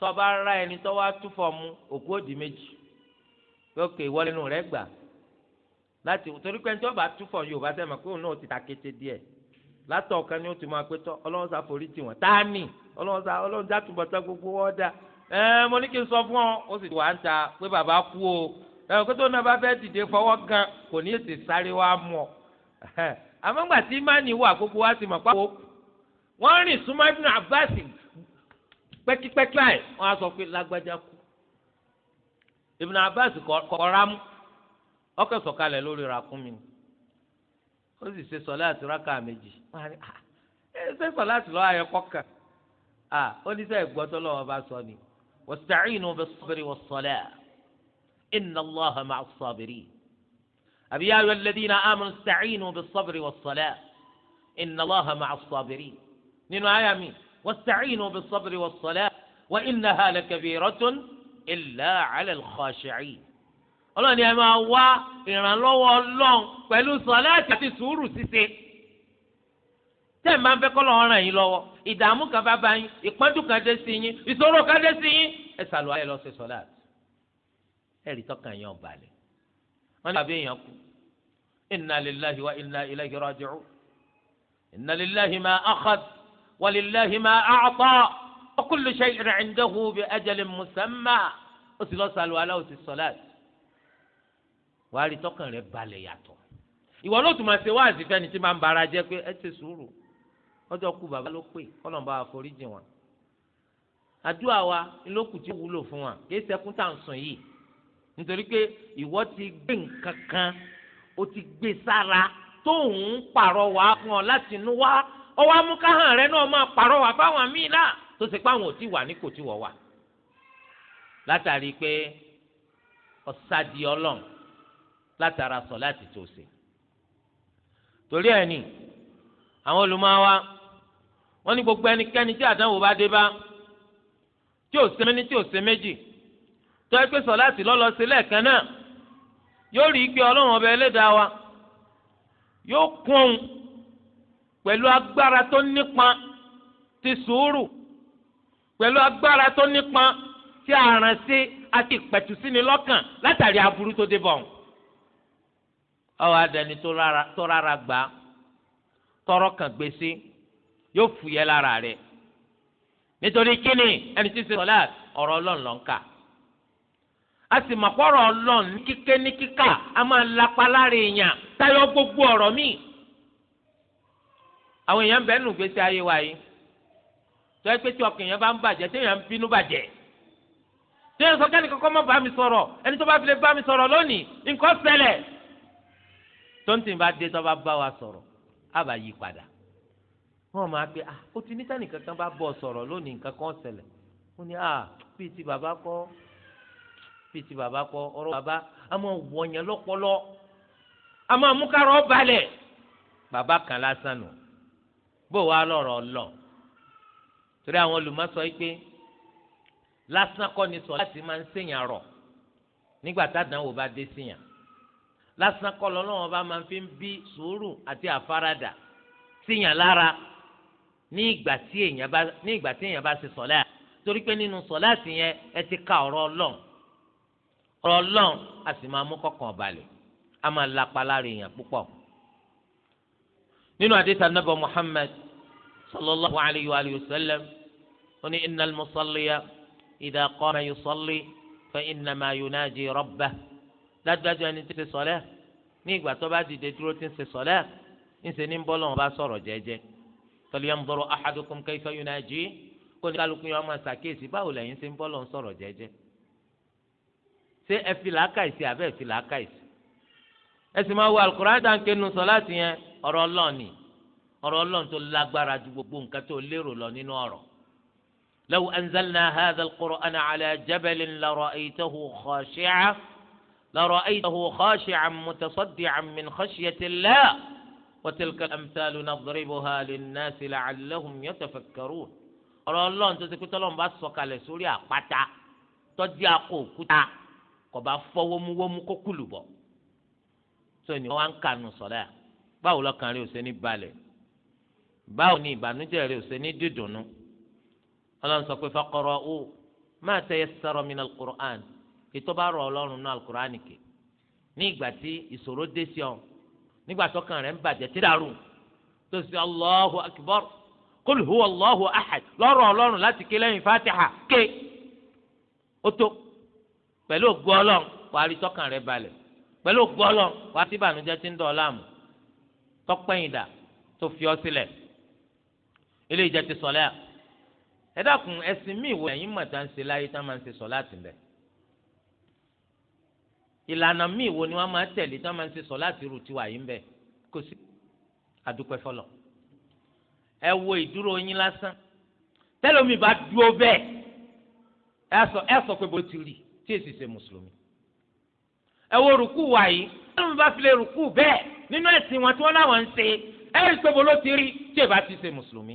tó bá ra ẹni tó wá túfọ̀ mu òkú òdì méjì lókè ìwọlẹ́nu rẹ̀ gbà láti torí pé ẹni tí wọ́n bá tú fọ̀ Yorùbá sẹ́mi pé òun náà ti ta kété díẹ̀ látọ̀ ọ̀kan ni ó ti máa pé tọ́ ọlọ́run sá forí tì wọ́n tání ọlọ́run sá ọlọ́run já túbọ̀ tán gbogbo wọ́n dá ẹ mo ní kí n sọ fún ọ ó sì wà ń ta pé bàbá kú o ẹ kó tó náà bá fẹ́ dìde fọwọ́ gan kò ní èsì sáré wá mú ọ àmọ́ gbà tí mánì wà gbogbo wa ti mọ̀ pàwọ́ wọ́n rìn súnmọ́ Ibn Abbas pẹ́kípẹ́kí láì wọ́n á sọ pé lágbájá kú Ibn Abbas kọ̀ ọkọ̀ sọ̀kalẹ̀ lórí ràkúnmí ni ó sì ṣe sọ láti rákà méjì ah, ṣe sọ láti lọ́ọ́ ayọ̀ kọ́kà ó ní sẹ́yìn gbọ́tọ́ lọ́wọ́ bá sọ ni wasta'inu bis-sabri was-salah inna Allaha ma'a as-sabirin àbí ya ayyuha alladhina amanu ista'inu bis-sabri was-salah inna Allaha ma'a as-sabirin nínú àyà mi wasta'inu bis-sabri was-salah wa innaha lakabiratun illa 'ala al-khashi'in ọlọ́run ni ẹ máa wá ìrànlọ́wọ́ ọlọ́run pẹ̀lú sọ̀láàtì àti sùúrù ṣíṣe tẹ́ ẹ̀ máa ń fẹ́ kọ́ lọ́wọ́ ràn yín lọ́wọ́ ìdààmú kan bá bá yín ìpọ́njú kan dé sí yín ìṣòro kan dé sí yín ẹ sàlùwà ẹ lọ ṣe sọ̀láàtì ẹ rí tọ́kàn yín ọ̀bàlẹ̀ wọ́n ní bàbá èèyàn kú inna lillahi wa inna ilayhi raji'un inna lillahi ma akhadh wa lillahi ma a'ta wa kullu shay'in 'indahu bi ajalin musamma ó sì lọ sàlùwà aláwọ̀ sí wàá rí tọkàn rẹ balẹ̀ yàtọ̀ ìwọ ló tún máa ṣe wáàsí fẹ́ni tí máa ń bara jẹ́ pé ẹ ti sùúrù ọjọ́ kú bàbá ló pè kọ́lọ́n bá wa forí jìn wọn. àdúrà wa lókù tí wúlò fún wa kì í ṣẹkún tá à ń sùn yìí nítorí pé ìwọ ti gbé nǹkan kan o ti gbé sára tó ń pàrọ̀ wá fún ọ láti inú wá ọwọ́ amúkáhàn rẹ náà máa pàrọ̀ wá fáwọn míì náà tó ṣe pé àwọn ò tí wà ní kò tí wọ́ wà látàrí pé ọ̀sádìí ọlọ́run látara sọ láti tó ṣe torí ẹ̀ ni àwọn olùmọ̀wá wọ́n ní gbogbo ẹnikẹ́ni tí àdánwò bá dé bá tí ò ṣe méní tí ò ṣe méjì tó ẹ pé sọ láti lọ́lọ́ sí lẹ́ẹ̀kan náà yóò rí i pé ọlọ́run ọba ẹlẹ́dàá wa yóò kún pẹ̀lú agbára tó nípa ti sùúrù pẹ̀lú agbára tó nípa ti àrànṣe àti ìpẹ̀tùsínilọ́kàn látàrí aburú tó dé bọ̀ ọ̀hún ọwọ́ adẹni tó rárá gbà tọrọ kan gbèsè yóò fúyẹ́ lára rẹ̀ nítorí kíni ẹni tí ń ṣe sọlá ọ̀rọ̀ ọlọ́run ló ń kà a sì mọ̀ pọ̀rọ̀ ọlọ́run ní kíké ní kíkà a máa lapa lára èèyàn táyọ̀ gbogbo ọ̀rọ̀ míì àwọn èèyàn bẹ́ẹ̀ nù gbèsè ayé wa yìí tọ́ ẹ pé tí ọkàn èèyàn bá ń bàjẹ́ tí èèyàn ń bínú bàjẹ́ tí èèyàn sọ kẹ́ni kankan má bá mi sọ̀rọ̀ ẹni tó bá fi lè bá mi sọ̀rọ̀ lónìí nǹkan ṣẹlẹ̀ tontin bá dé tó bá bá wa sọ̀rọ̀ á bá yí padà wọn máa pe ah o ti ní sani kankan bá bọ̀ sọ̀rọ̀ lónìí nǹkan kan ṣẹlẹ̀ wọn ni ah bíi ti bàbá kọ́ bíi ti bàbá kọ́ ọ̀rọ̀ bàbá a máa wọ̀nyẹn lọ́pọlọ a máa mú kárọ̀ balẹ̀ bàbá kan lásán nù bó wàá lọ̀rọ̀ lọ torí àwọn olùmọ̀sọ yìí pé lásán kọ́ ni sọ láti máa ń ṣèyàn rọ̀ nígbà tá àdánwò bá dé síyàn lásán kọ́ lọ́lọ́wọ́n bá máa fi ń bí sùúrù àti àfaradà síyàn lára ní ìgbà tí èèyàn bá ní ìgbà tí èèyàn bá ṣe sọ̀lá torí pé nínú sọ̀lá sí yẹn ẹ ti ka ọ̀rọ̀ ọlọ́run ọ̀rọ̀ ọlọ́run a sì máa mú kọ̀kan balẹ̀ a máa lapa lára èèyàn púpọ̀. nínú àdìsá nàbà Muhammad sallallahu alayhi wa sallam ó ní innal musalliya idha qama yusalli fa innama yunaji rabbahu dájúdájú ẹni tí ń ṣe sọlẹ ní ìgbà tó bá dìde dúró tí ń ṣe sọlẹ ńṣe ní bọ́lọ̀ wọn bá sọ̀rọ̀ jẹ́jẹ́ falyanzuru ahadukum kayfa yunaji kó ní kálukú yẹn wọn máa ṣàkíyèsí báwo lẹ́yìn ṣe ń bọ́lọ̀ ń sọ̀rọ̀ jẹ́jẹ́ ṣé ẹ fi làákàyèsí àbẹ́ ẹ fi làákàyèsí ẹ sì máa wo Al-Qur'an dáńké sọ láti yẹn ọ̀rọ̀ ọlọ́ọ̀ni ọ̀rọ̀ ọlọ́ọ̀ni tó lágbára ju gbogbo nǹkan tó lérò lọ nínú ọ̀rọ̀ law anzalna hadha al-Qur'ana ala jabalin la ra'aytahu khashi'an لرأيته خاشعا متصدعا من خشية الله وتلك الأمثال نضربها للناس لعلهم يتفكرون ọ̀rọ̀ ọlọ́run tó ti pé tọ́lọ́run bá sọ̀kalẹ̀ sórí àpáta tọ́jú akọ òkúta kò bá fọ́ wómúwómú kó kùlù bọ̀ tó ní wọ́n á ń kànú sọ̀rọ̀ à báwo lọ́kàn rẹ̀ ò ṣe ní balẹ̀ báwo ni ìbànújẹ́ rẹ̀ ò ṣe ní dídùnnú ọlọ́run sọ pé faqra'u ma tayassara minal Qur'an ètò bá rọ ọlọ́run náà alukur'an kè ní ìgbà tí ìṣòro dé sí ọ nígbà tó kàn rẹ̀ ń bàjẹ́ tí dàrú tó sì allahu akbar kul huwa allahu ahad lọ́rọ̀ ọlọ́run láti ké lẹ́yìn fatiha ké ó tó pẹ̀lú ògbó ọlọ́run wàá rí tọ́kàn rẹ̀ balẹ̀ pẹ̀lú ògbó ọlọ́run wàá tí ìbànújẹ́ ti ń dọ̀ láàmú tọ́pẹ́yìn dà tó fi ọ sílẹ̀ ilé ìjẹ́ ti sọ̀lẹ́ ẹ dákun ẹ̀sìn míì wọ ẹ̀yìn mọ̀ta ń ṣe láyé tá máa ń ṣe sọ̀lá àtìlẹ́yìn ìlànà míì wo ni wọ́n máa tẹ̀lé tí wọ́n máa ń ṣe sọ láti rù tiwa yìí ń bẹ̀ kò sí àdúpẹ́ fọlọ̀ ẹ wo ìdúró yín lásán tẹ́lómi bá dúró bẹ́ẹ̀ ẹ sọ ẹ sọ pé bó ti rí tí èsì ṣe mùsùlùmí ẹ wo rùkú wa yìí tẹ́lómi bá fi lè rùkú bẹ́ẹ̀ nínú ẹ̀sìn wọn tí wọ́n láwọn ń ṣe ẹ rí pé bó ló ti rí tí èbá ti ṣe mùsùlùmí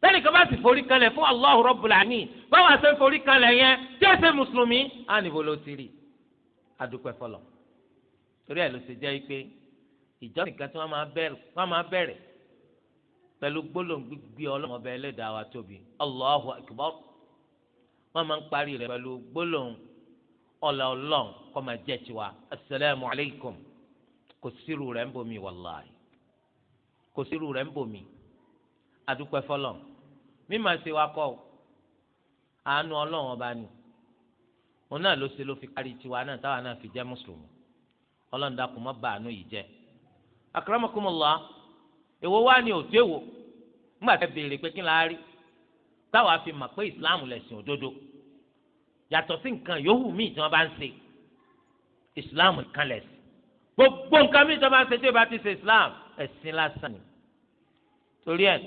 tẹ́lẹ̀ kan bá sì forí kalẹ̀ fún Allahu Rabbul Alamin báwa ṣe forí kalẹ̀ yẹn tí èsì mùsùlùmí adúpẹ́ fọlọ torí ẹ ló ṣe jẹ́ pé ìjọsìn kan tí wọ́n máa bẹ̀rẹ̀ wọ́n máa bẹ̀rẹ̀ pẹ̀lú gbólóhùn gbígbé ọlọ́run ọba ẹlẹ́dàá wa tóbi Allahu akbar wọ́n máa ń parí rẹ̀ pẹ̀lú gbólóhùn ọlọ ọlọ́run kó máa jẹ́ tiwa asalaamu alaykum kò sírù rẹ̀ ń bomi wàláì kò sírù rẹ̀ ń bomi adúpẹ́ fọlọ mímọ̀ ṣe wa kọ́ àánú ọlọ́run ọba ni. Ona náà ló ṣe ló fi kárí tiwa náà táwa náà fi jẹ́ mùsùlùmí ọlọ́run dákun má bàánú yìí jẹ́ akramakumullah èwo wá ní òtí èwo nígbà tẹ béèrè pé kí n láárí táwa fi mọ̀ pé ìsìláàmù lẹ̀sìn òdodo yàtọ̀ sí nǹkan yòówù míì tí wọ́n bá ń ṣe ìsìláàmù kan lẹ̀sìn gbogbo nǹkan míì tí wọ́n bá ń ṣe tí wọ́n bá ti ṣe ìsìláàmù ẹ̀sìn lásán ni torí ẹ̀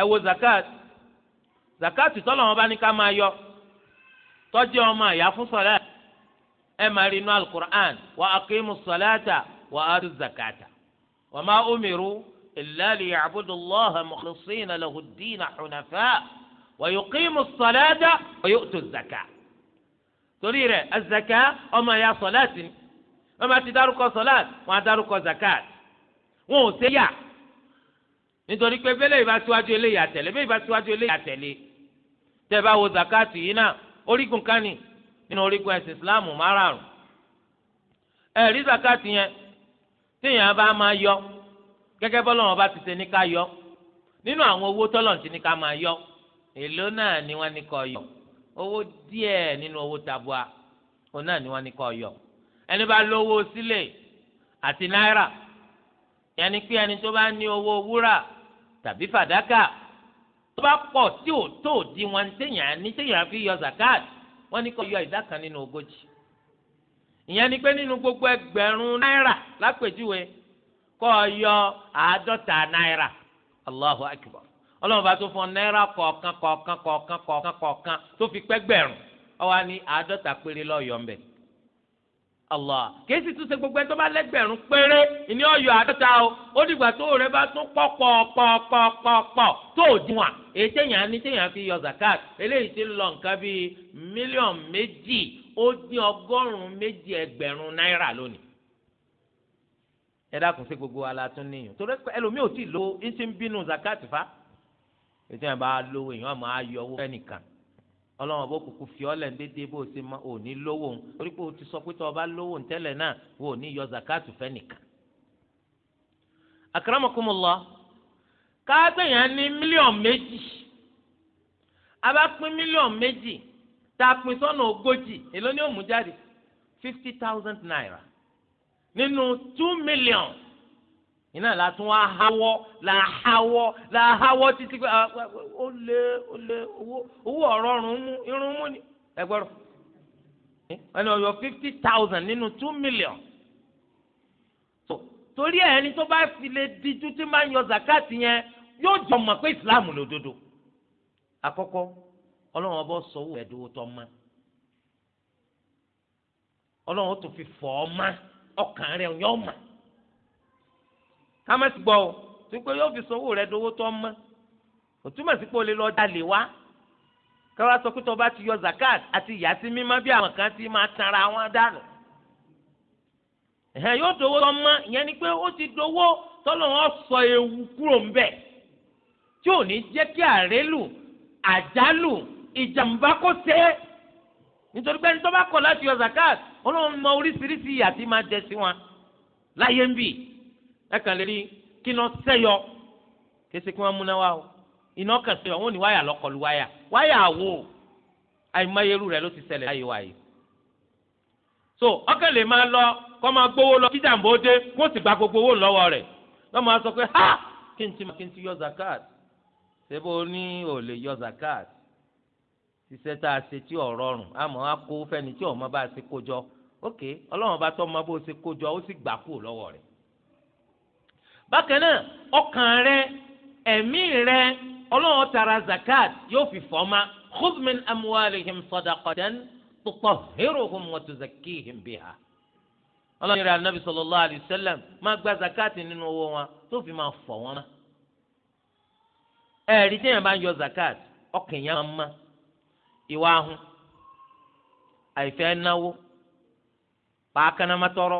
ẹ wo zakat zakat tọ́lọ̀ wọn bá ní ká máa yọ tọ́jú ọmọ àyà fún sọ̀lá ẹ máa rí inú alukur'an wa aqimu sọ̀láta wa adu zakata wa ma umiru illa liya'budu allaha mukhlisina lahu ad-dina hunafa wa yuqimu sọ̀láta wa yu'tu zaka torí rẹ̀ azaka ọmọ àyà sọ̀láàtì ni wọ́n bá ti dárúkọ sọ̀láàtì wọ́n á zakat wọn ò séyà nítorí pé bẹ́lẹ̀ ìbá síwájú eléyà tẹ̀lé bẹ́ẹ̀ ìbá síwájú eléyà tẹ̀lé tẹ́ bá wo zakati yìí náà orígun kan ni nínú orígun ẹ̀sìn ìsìláàmù márààrún ẹ̀rí zakati yẹn téèyàn bá máa yọ gẹ́gẹ́ bọ́lọ́wọ́n bá ti ṣe ní ká yọ nínú àwọn owó tọ́lọ̀ ti ní ká máa yọ èló náà ni wọ́n ní kó yọ owó díẹ̀ nínú owó tabua òun náà ni wọ́n ní kó yọ ẹni bá lówó sílẹ̀ àti náírà yẹn ni pé ẹni tó bá ní owó wúrà tàbí fàdákà tó bá pọ̀ tí ò tó di wọn téèyàn ní téèyàn fi yọ zakat wọn ni kó yọ ìdá kan nínú ogójì ìyẹn ni pé nínú gbogbo ẹgbẹ̀rún náírà lápèjúwe kó yọ àádọ́ta náírà Allahu akbar ọlọ́run bá tó fún náírà kọ̀ọ̀kan kọ̀ọ̀kan kọ̀ọ̀kan kọ̀ọ̀kan kọ̀ọ̀kan tó fi pẹ́gbẹ̀rún ó wá ní àádọ́ta péré lọ́yọ̀ọ́ mbẹ́ Allah kèésì tún ṣe gbogbo ẹ tó bá lẹ́gbẹ̀rún péré ìní ọyọ àádọ́ta o ó dìgbà tó rẹ bá tún pọ pọ pọ pọ pọ pọ tó díwọ̀n èyí téèyàn ní téèyàn fi yọ zakat eléyìí ti lọ nǹkan bíi mílíọ̀n méjì ó dín ọgọ́rùn-ún méjì ẹgbẹ̀rún náírà lónìí. ẹ dákun sí gbogbo ala níyàn torí ẹlòmíì ò tí ì lo ń ṣe ń bínú zakat fa èyí bá lówó èèyàn máa yọ owó fẹ́nìkan ọlọ́run ọ̀bọ kùkù fi ọ́ lẹ̀ ń dédé bó o ṣe máa ò ní lówó ń torí pé o ti sọ pé tó o bá lówó ń tẹ́lẹ̀ náà o ò ní yọ zakatu fẹ́ nìkan. akramakumullah káàgbéyàn ní mílíọ̀nù méjì a bá pín mílíọ̀nù méjì tá a pín sọ́nà ogójì èló ni ó mú jáde fifty thousand naira nínú two million iná la tún wá háwọ́ la háwọ́ la háwọ́ títí pé ah, ah, ah, ó lé ó lé owó ọ̀rọ̀ irun mú ni ẹgbẹ́rún ẹni ọ̀yọ́ fifty thousand nínú two million so torí ẹ̀ ẹni tó bá fi lè díjú tí máa ń yọ zakati yẹn yóò jọ mọ̀ pé islam lòdodo àkọ́kọ́ ọlọ́run ọba sọ̀wọ́ ẹ̀dínwó tó ma ọlọ́run ó tún fi fọ́ ọ ma ọkàn rẹ̀ yọ̀ ọ́ ká má ti gbọ́ o tí pé yóò fi sanwó rẹ̀ dowó tó mọ́ òtúmọ̀ sí pé o lè lọ jalè wá káwá sọ pé tó bá ti yọ zakat àti ìyá sí mímọ́ bí àwọn kan ti máa tanra wọn dànù ẹ̀hẹ́n yóò dowó tó mọ́ ìyẹn ni pé ó ti dowó tọ́lọ̀ wọn sọ ewu kúrò ń bẹ̀ tí ò ní jẹ́ kí àrélù àjálù ìjàmbá kó tẹ́ nítorí pé ẹni tó bá kọ̀ láti yọ zakat ó lóun mọ oríṣiríṣi ìyà tí máa jẹ sí wọn láyé ń bì ẹ kàn lè rí kíná sẹ́yọ kése kí wọ́n múná wá o iná kàn sẹ́yọ wọn ò ní wáyà lọ́kọ̀lù wáyà wáyà àwò àìmọyeru rẹ̀ ló ti ṣẹlẹ̀ láyé wa so ọkàn lè máa lọ kọ́ máa gbowó lọ kí jàǹbó dé kó sì gba gbogbo owó lọ́wọ́ rẹ̀ lọ́ máa sọ pé ha kí n ti kí n ti yọ zakat sebo ní ò yọ zakat ṣiṣẹ́ tá a ṣe tí ò rọrùn àmọ́ a kó fẹ́ni tí ò mọ bá a ṣe kó jọ ok ọlọ́run bá tọ́ mọ bó ṣe kó jọ ó sì gbà kú lọ́wọ́ rẹ̀ bákan náà ọkàn rẹ ẹ̀mí rẹ ọlọ́wọ́ tara zakat yóò fi fọ́ ma khudh min amwalihim sadaqatan tutahhiruhum wa tuzakkihim biha. ọlọ́run rẹ̀ anabi sallallahu alayhi wa máa gba zakat nínú owó wọn tó fi máa fọ̀ wọn ma. ẹ̀rí téèyàn bá ń yọ zakat ọkàn yẹn máa ma ìwà ahun àìfẹ́ náwó pàákànnà máa tọrọ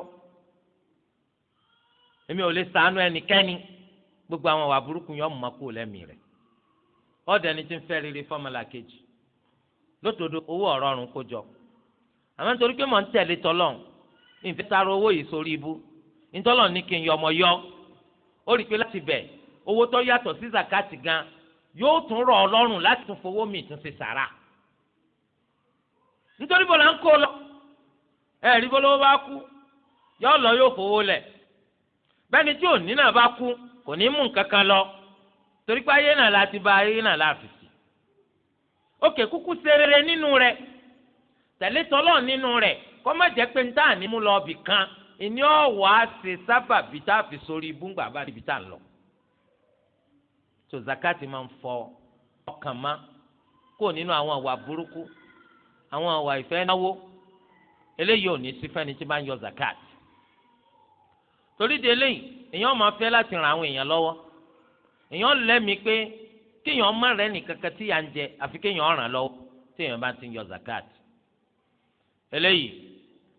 èmi ò lè sànú ẹnikẹ́ni gbogbo àwọn ìwà burúkú yẹn ọmọ kú lẹ́mìí rẹ̀ ọ̀dẹ̀ ni ti ń fẹ́ rere fọ́mọlà kejì lótòdó owó ọ̀rọ̀ ọ̀run kó jọ àmọ́ nítorí pé mò ń tẹ̀lé tọ́lọ́n ìfẹ́ sáré owó yìí sórí ibú nítọ́lọ́n ní kí n yọ ọmọ yọ ó rí i pé láti bẹ̀ owó tó yàtọ̀ sí zakati gan yóò tún rọ̀ ọlọ́run láti tún fowó mi tún ṣe sàrà nítorí bọ́lá ń kó lọ ẹ̀rí bọ́lá ó bá kú yọ ọ bẹ́ẹ̀ni tí òní náà bá kú kò ní mú nǹkan kan lọ torí pé ayé náà láti ba ayé náà láàfin sí òkè kúkú ṣe rere nínú rẹ̀ tẹ̀lé tọ́lọ̀ nínú rẹ̀ kọ́ má jẹ́ pé níta àní mú lọ bì kan ìní ọ̀wọ́ á ṣe sábà bí tá fi sórí ibú gbàgbà níbi tá a lọ. tó zakati máa ń fọ ọkàn má kó nínú àwọn àwà burúkú àwọn àwà ìfẹ́ náwó eléyìí ò ní sí fẹ́ni tí bá ń yọ zakati torí de eléyìí èèyàn máa fẹ́ láti ràn àwọn èèyàn lọ́wọ́ èèyàn lẹ́mìí pé kéèyàn má rẹ̀ nìkankan tí yà ń jẹ àfi kéèyàn ràn lọ́wọ́ téèyàn bá ti ń yọ zakat eléyìí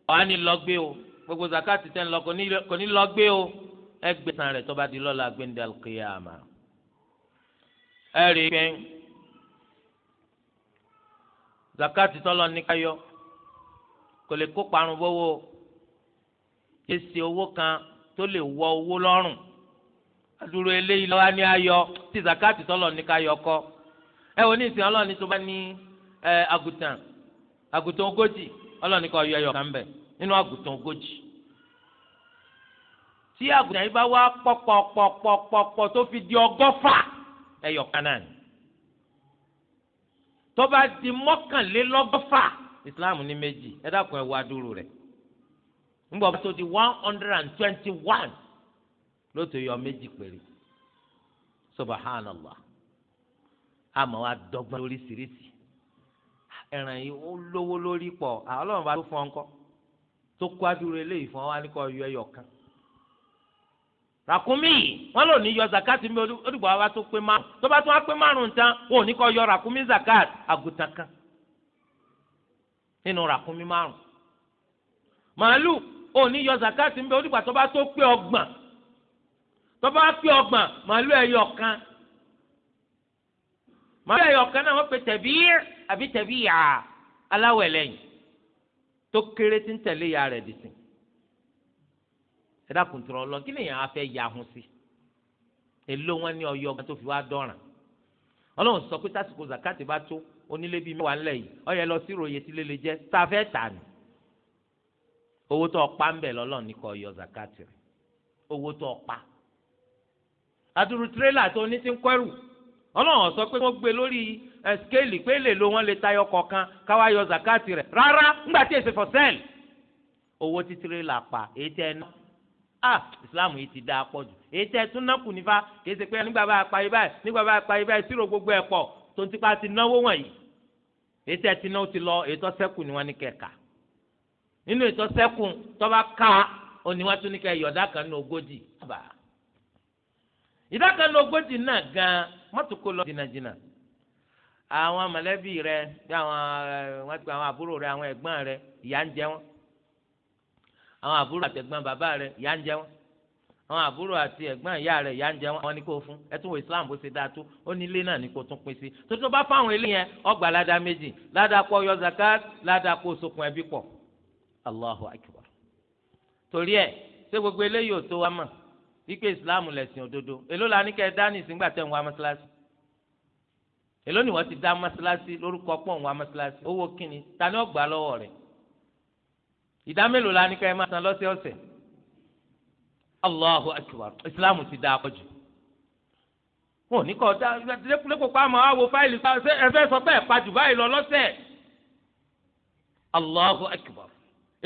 ọ̀hán ni lọ gbé o gbogbo zakat tẹ́ ń lọ kò ní lọ gbé o ẹgbẹ̀sán rẹ̀ tó bá di lọ́la gbẹ̀ndẹ̀l kìyàmà ẹ rí i pé zakat tọ́lọ ní káyọ kò lè kó parun bówó èsì owó kan tó lè wọ owó lọ́rùn adúrú eléyìí lọ́wọ́ ní ayọ̀ tí zakati tọ́lọ̀ ní ká yọ kọ́ ẹ wò ní ìsìn ọlọ́ọ̀ni tó bá ní ẹ àgùtàn àgùtàn ogójì ọlọ́ọ̀ni kọ́ yọ ẹyọ kan bẹ̀ nínú àgùtàn ogójì tí àgùtàn yìí bá wá pọ̀pọ̀pọ̀pọ̀pọ̀ tó fi di ọgọ́fà ẹyọ kan tó bá di mọ́kànlélọ́gọ́fà ìsìláàmù ní méjì ẹ dákun ẹ wo adúrú rẹ̀ ńgbọ́ bá tó di one hundred and twenty one ló tó yọ méjì péré subhanallah àmọ́ wa dọ́gbọ́n lóríṣiríṣi ẹ̀ràn yìí ó lówó lórí pọ̀ ọlọ́run bá tó fún ọ ńkọ́ tó kó adúrú eléyìí fún ọ wá ní kó yọ ẹyọ kan ràkúnmí yìí wọn lò ní yọ zakati mi olùgbò wa tó pé márùn tó bá tó wá pé márùn tán wọn ò ní kó yọ ràkúnmí zakat àgùntàn kan nínú ràkúnmí márùn màálù ò ní yọ zakati nbẹ onígbà tó bá tó pé ọgbọ̀n tó bá pé ọgbọ̀n màálù ẹyọ kan màálù ẹyọ kan náà wọ́n pe tẹ̀bí àbí tẹ̀bí yà aláwọ̀ ẹlẹ́yìn tó kéré tí ń tẹ̀lé ya rẹ̀ dì sìn ẹ dákun tó lọ kí lèèyàn á fẹ́ ya ahun sí èló wọn ní ọyọ ọgbà tó fi wá dọ́ràn ọlọ́run sọ pé tásìkò zakati bá tó onílé bíi mẹ́wàá ńlẹ̀ yìí ọyẹ lọ sí ìròyìn tí lè tá a fẹ́ tà ní owó tó ọpa ń bẹ̀ kò yọ zakati rẹ̀ owó tó ọpa adúrú tirẹ́là tó ní ti ń kọ́rù ọlọ́run sọ pé wọ́n gbé lórí eh, pé lè lo wọn lè tayọ kọ̀ọ̀kan káwá yọ zakati rẹ rárá ńgbà tí èsì for owó tí tirẹ́là pa èyí tẹ́ ẹ ah islam yìí ti dáa pọ̀jù èyí tẹ́ tún náà kù nífa kìí ṣe pé nígbà bá nínú ìtọ́ sẹ́kùn tọ́ba ká oníwájú ní ká yọ̀dá kan ní ogójì àbá ìdá kan ní ogójì náà gan mọ́tò kó lọ jìnnàjìnnà àwọn mọ̀lẹ́bí rẹ bí àwọn eh, wọ́n ti pa àwọn àbúrò rẹ àwọn ẹ̀gbọ́n rẹ ìyà ń jẹ wọ́n àwọn àbúrò àti ẹ̀gbọ́n bàbá rẹ ìyà ń jẹ wọ́n àwọn àbúrò àti ẹ̀gbọ́n ìyá rẹ ìyà ń jẹ wọ́n àwọn ni kò fún ẹ tún wo Islam bó ṣe dáa tó ó ní ilé náà ni kò tún pín sí tó bá fáwọn ilé yẹn ó ládàá méjì ládàá kó yọ zakat ládàá kó sokùn ẹbí pọ̀ allahu akbar torí ẹ ṣé gbogbo eléyìí ò tó wa mọ̀ wípé islam lẹ̀sìn òdodo èló la ní kẹ́ ẹ dání ìsìngbà tẹ̀ ń wá mọ́ṣáláṣí èló ni wọ́n ti dá mọ́ṣáláṣí lórúkọ pọ̀ ń wá mọ́ṣáláṣí owó kínni ta ni ó gbà lọ́wọ́ rẹ̀ ìdá mélòó la ní kẹ́ máa san lọ́sẹ̀ọ̀sẹ̀ allahu akbar islam ti dáa pọ̀ jù wọn ò ní kọ́ dá lẹ́kọ̀ọ́ pa àmọ́ àwo fáìlì ẹ fẹ́ pa jù báyìí lọ lọ́sẹ̀ allahu akbar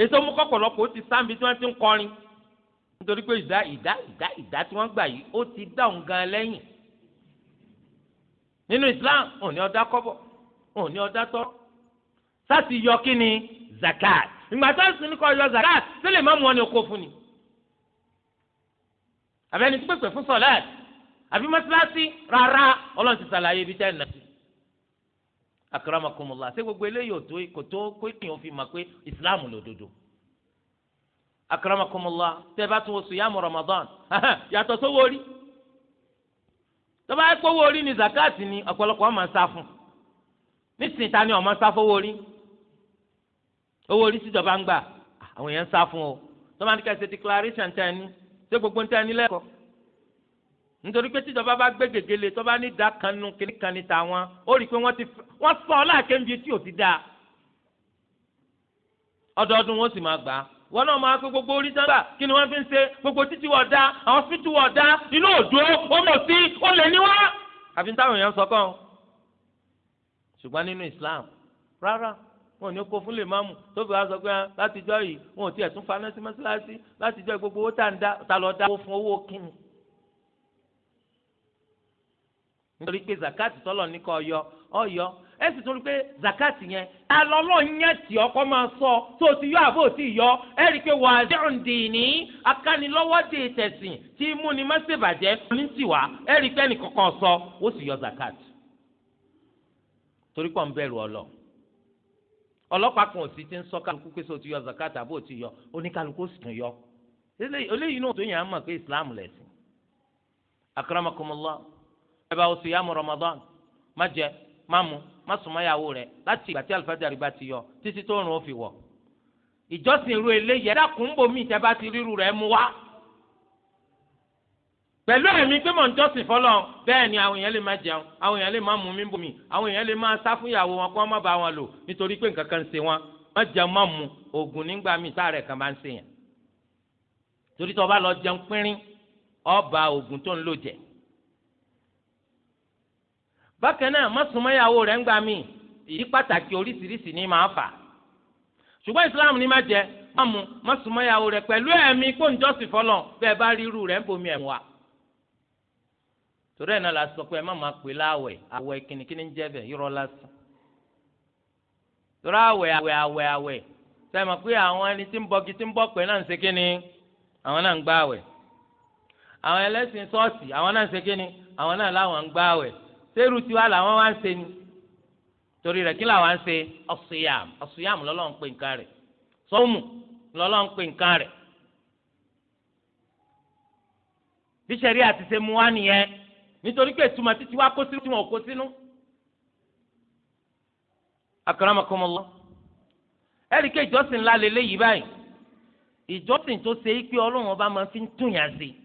èso mú kọ́pọ̀lọpọ̀ ó ti sáǹbi tí wọ́n ti ń kọrin nítorí pé ìdá ìdá ìdá ìdá tí wọ́n gbà yìí ó ti dá òun gan lẹ́yìn nínú Islam òun ni ọ̀dá kọ́bọ̀ òun ni ọ̀dá tọ́ sáti yọ kí ni zakat ìgbà tó sì ní kọ́ yọ zakat tó lè má mú ọ ní oko fún ni àbẹ́ni tó pèpè fún sọ̀láàtì àbí mọ́sálásí rárá ọlọ́run ti sàlàyé ibi tẹ́ ẹ̀ nà akramakumullah ṣé gbogbo eléyìí ò tó kò tó kó èèyàn fi mọ̀ pé islam lòdodo akramakumullah tẹ́ bá tún wo sùyàmù ramadan yàtọ̀ sówó orí tọ́ba ẹ̀ pé owó orí ni zakat ni ọ̀pọ̀lọpọ̀ ọmọ ń sá fún nísìnyí ta ni ọmọ ń sá fún owó orí owó orí síjọba ń gbà àwọn èèyàn ń sá fún o tọ́ba ní ká ṣe declaration tẹ́ ẹ ní ṣé gbogbo ń tẹ́ ẹ lẹ́kọ̀ọ́ nítorí pé tíjọba bá gbé gègéle tó bá ní da kanu kìnìkan ní tàwọn ó rí i pé wọ́n ti wọ́n sọ ọláàkẹ́ níbi tí ò ti dáa ọdọọdún wọn sì máa gbà á wọn náà máa pé gbogbo orí kí ni wọ́n fi ń ṣe gbogbo títí wọ̀ dá àwọn fítú wọ̀ dá inú òdò ó ó lè ní wá. àfi táwọn èèyàn sọ kàn ṣùgbọ́n nínú Islam rárá wọn ò ní kó fún lè máàmù tó fi wá sọ pé ah, látijọ́ yìí wọn ò tiẹ̀ tún faná sí mọ́ṣáláṣí látijọ́ gbogbo owó tá à ń dá ta lọ́ọ́ dá owó fún owó kínní nítorí pé zakati tọ́lọ̀ ní kọ́ ọyọ ọyọ ẹ sì torí pé zakati yẹn alọ́lọ́ yẹn tí ọkọ máa sọ tó ti yọ àbó tí yọ ẹ rí i pé wà á dẹ́rùn dìní akánilọ́wọ́ dè tẹ̀sìn tí múni má ṣe bàjẹ́ ní tiwa ẹ rí i pé ẹnì kankan sọ ó sì yọ zakati torí pọ̀ ń bẹ̀rù ọlọ ọlọ́pàá kan ò sì ti ń sọ kálukú pé sọ ti yọ zakati àbó ti yọ oníkálukú sì tún yọ eléyìí náà tó yàn án mọ̀ pé Islam lẹ̀sìn akramakumullah ẹ bá wo siyamu Ramadan má jẹ má mu má sùn máyàwó rẹ láti ìgbà tí alifájàre bá ti yọ títí tó rùn ó fi wọ̀ ìjọsìn irú eléyìí ẹ̀dá kún bomi ìtẹ bá ti ríru rẹ mú wá pẹ̀lú ẹ̀mí pé mò ń jọ́sìn fọlọ́ bẹ́ẹ̀ ni àwọn èèyàn lè má jẹun àwọn èèyàn lè má mú mi bomi àwọn èèyàn lè má sá fún ìyàwó wọn kó wọn má bá wọn lò nítorí pé nǹkan kan ń ṣe wọn má jẹun má mu oògùn nígbà míì tá kan bá ń ṣe yàn torí tó o bá lọ jẹun pínrín ọba oògùn tó ń lò jẹ́ bákan náà má ngba ìyàwó rẹ̀ ń gbà mí ìdí pàtàkì oríṣiríṣi ní máa fà ṣùgbọ́n ìsìláàmù má ìyàwó rẹ̀ pẹ̀lú ẹ̀mí kó ń jọ́sìn fọlọ́ bẹ́ẹ̀ bá rí irú rẹ̀ wa. torí ẹ̀ náà la sọ pé ẹ má máa pè láwẹ̀ àwẹ̀ kìnnìkìnnì ń jẹ́ bẹ̀ lásán torí àwẹ̀ àwẹ̀ àwẹ̀ àwẹ̀ sẹ́mi pé àwọn ẹni tí ń tí ń bọ́ náà ń kínni àwọn náà ń àwọn ẹlẹ́sìn sẹ́rù tiwa làwọn wá ń ṣe ni torí rẹ̀ kí làwọn ń ṣe ọ̀sùyàm ọ̀sùyàm lọ́lọ́ ń pè nǹkan rẹ̀ sọ́mù lọ́lọ́ ń pè nǹkan rẹ̀ bí sẹ́rí àti ṣe mu wá nìyẹn nítorí pé ìtumọ̀ títí wá kó sínú tí wọn kó sínú. akramakumullah ẹ̀rí kí ìjọsìn ńlá lélẹ́yìí báyìí ìjọsìn tó ṣe é pé ọlọ́run ọba máa fi ń túnyàn sí i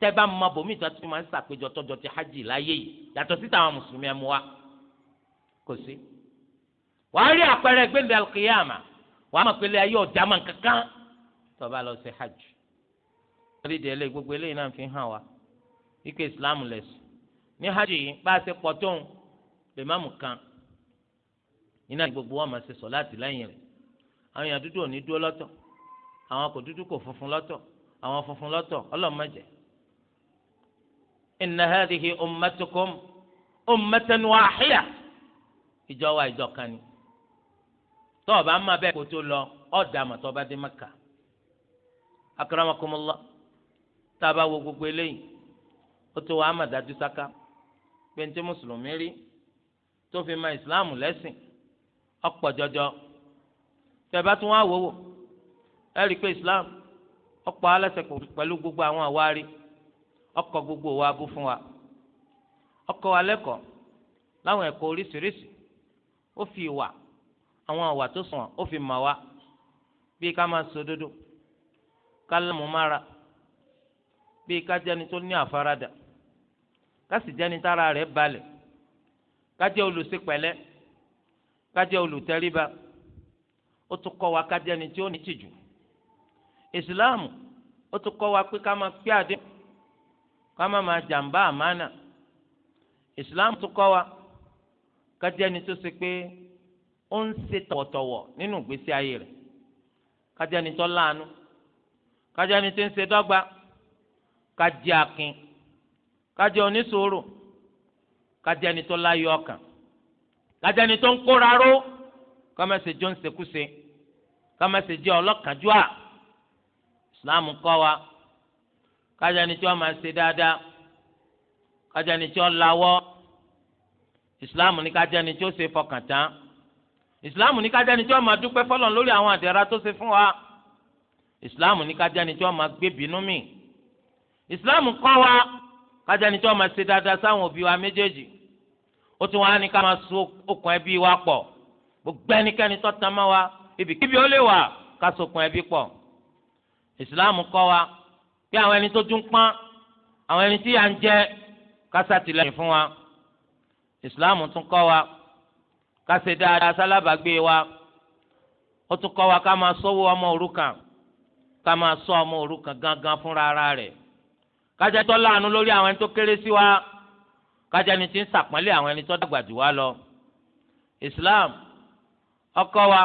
tẹ́bá ma bòmí ìtura tó máa ń sàpéjọ tọ́jọ ti hajj láyé yìí yàtọ̀ síta àwọn mùsùlùmí ẹ̀ mú wa kò sí. wàá rí àpẹẹrẹ gbẹ̀ndẹ̀ alkiyama wàá mọ̀ pẹ̀lẹ́ ayé ọ̀já máa kankan tó bá lọ sí hajj. wọ́n dìde ẹlẹ́ gbogbo eléyìí náà fi hàn wá ike islam lẹ̀sùn ní hajj yìí bá a ṣe pọ̀ tóun lè má mú kan iná gbogbo wọn máa ṣe sọ láti lẹ́yìn rẹ̀ àwọn èèyàn dúdú ò إن هذه أمتكم أمة واحدة ìjọ wa ìjọ kan ni tọ́ọ̀bù àmà bẹ́ẹ̀ kò tó lọ ọ̀dà àmà tọ́ọ̀bù adé mẹ́ka akaramakumullah tá a bá wo gbogbo eléyìí ó tó wà àmà dájú sáká péńté mùsùlùmí wò wò ọkọ gbogbo wa bú fún wa ọkọ wa lẹ́kọ̀ọ́ láwọn ẹ̀kọ́ oríṣiríṣi ó fi ìwà àwọn àwà tó sàn ó fi mà wá bíi ká máa ṣòdodo ká lámú mára bíi ká jẹ́ni tó ní àfaradà ká sì jẹ́ni tára rẹ̀ balẹ̀ ká jẹ́ olùṣepẹ̀lẹ́ ká jẹ́ olùtẹríba ó tún kọ́ wa ká jẹ́ni tí ó ní tìjú ìsìláàmù ó tún kọ́ wa pé ká máa pé àdéhùn Kama má máa jàǹbá àmánà ìsìláàmù tó kọ́ wa kájẹ́ ni tó ṣe pé ó ń ṣe tọ̀wọ̀tọ̀wọ̀ nínú ìgbésí ayé rẹ̀ kájẹ́ ẹni tó láàánú kájẹ́ ẹni tó ń ṣe dọ́gba kájẹ́ akin kájẹ́ onísòro kájẹ́ ni tó láyọ̀ ọkàn kájẹ́ ẹni tó ń kóra ró kámẹ́sẹ̀ jọ ń ṣekúṣe kámẹ́sẹ̀ jẹ́ ọlọ́kànjúà ìsìláàmù kọ́ wa kájà ni tí wọ́n máa ṣe dáadáa kájà ni tí wọ́n lawọ́ islam ní kájà ni tí ó ṣe fọkàn tán islam ní kájà ni tí wọ́n máa dúpẹ́ fọlọ́n lórí àwọn àdẹ̀ra tó ṣe fún wa islam ní kájà ni tí wọ́n máa gbé bínú mì islam kọ́ wa kájà ni tí wọ́n máa ṣe dáadáa sáwọn òbí wa méjèèjì ó tún wá ní ká máa so okùn ẹbí wa pọ̀ gbogbo ẹnikẹ́ni tó tan mọ́ wa ibikíbi ó lè wà ká sokùn ẹbí pọ̀ islam kọ́ wa kí àwọn ẹni tó tún pọ́n àwọn ẹni tí à ń jẹ kásátìlẹ́yìn fún wa ìsìláàmù tún kọ́ wa ká ṣe dáadáa sálábàgbé wa ó tún kọ́ wa ká máa sọ́wọ́ ọmọ òrukàn ká máa sọ ọmọ òrukàn gangan fúnra ara rẹ̀ tó láàánú lórí àwọn ẹni tó kéré sí wa kájẹ́ ni ti ń sàpọ́nlé àwọn ẹni tó dàgbà jù wá lọ ìsìláàmù ó wa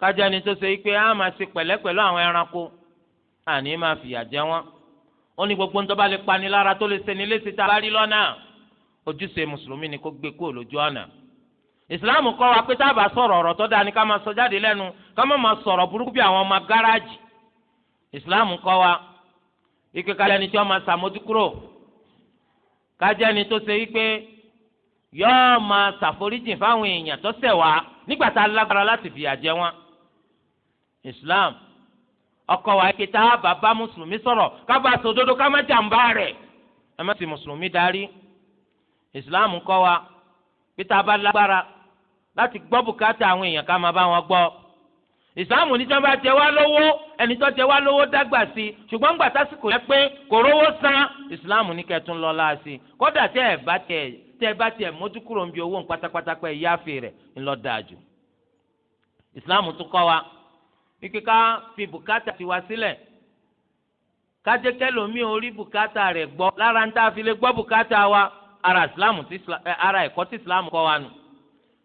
kájẹ́ ni tó ṣe pé a máa ṣe pẹ̀lẹ́ àwọn ẹranko àní máa fìyà jẹ wọn ó ní gbogbo ń tó bá lè pani lára tó lè ṣeni léṣe tá a bá rí lọ́nà ojúṣe mùsùlùmí ni kó gbé kúrò lójú ọ̀nà ìsìláàmù kọ́ wa pé tá a bá sọ̀rọ̀ ọ̀rọ̀ tó dáa ni ká máa sọ jáde lẹ́nu ká má máa sọ̀rọ̀ burúkú bí àwọn ọmọ gáràjì ìsìláàmù kọ́ wa ike ká jẹ́ni tí wọ́n máa sàmójúkúrò ká jẹ́ni tó ṣe wípé yọ́ọ́ máa ṣàforíjìn fáwọn èèyàn tó ṣẹ̀ wá nígbà tá a lágbára láti fìyà jẹ wọn ìsìláàmù ọkọ wa kí tá a bàbá mùsùlùmí sọ̀rọ̀ ká bá sòdodo ká má ẹ má fi mùsùlùmí darí islam kọ́ wa bí tá a bá lágbára láti gbọ́ bùkátà àwọn èèyàn ká máa bá wọn gbọ́ ìsìláàmù níjọ́ bá jẹ wá lówó ẹni tó jẹ wá lówó dágbà sí i ṣùgbọ́n gbà tásìkò yẹ pé kò rówó san ìsìláàmù ní kẹtùn lọ láàsì kódà tẹ ẹ bá tẹ tẹ bá tẹ mójú ń bi owó ń pátápátá pé ìyáàfẹ rẹ ńlọ dáa jù ìsìláàmù tún kọ́ wa wípé ká fi bùkátà tiwa sílẹ̀ ká jẹ́ kẹ́lòmíì orí bùkátà rẹ̀ gbọ́ lára ń tá a fi lè gbọ́ bùkátà wa ara ìsìláàmù tí eh, ara ẹ̀kọ́ tí ìsìláàmù kọ́ wa nù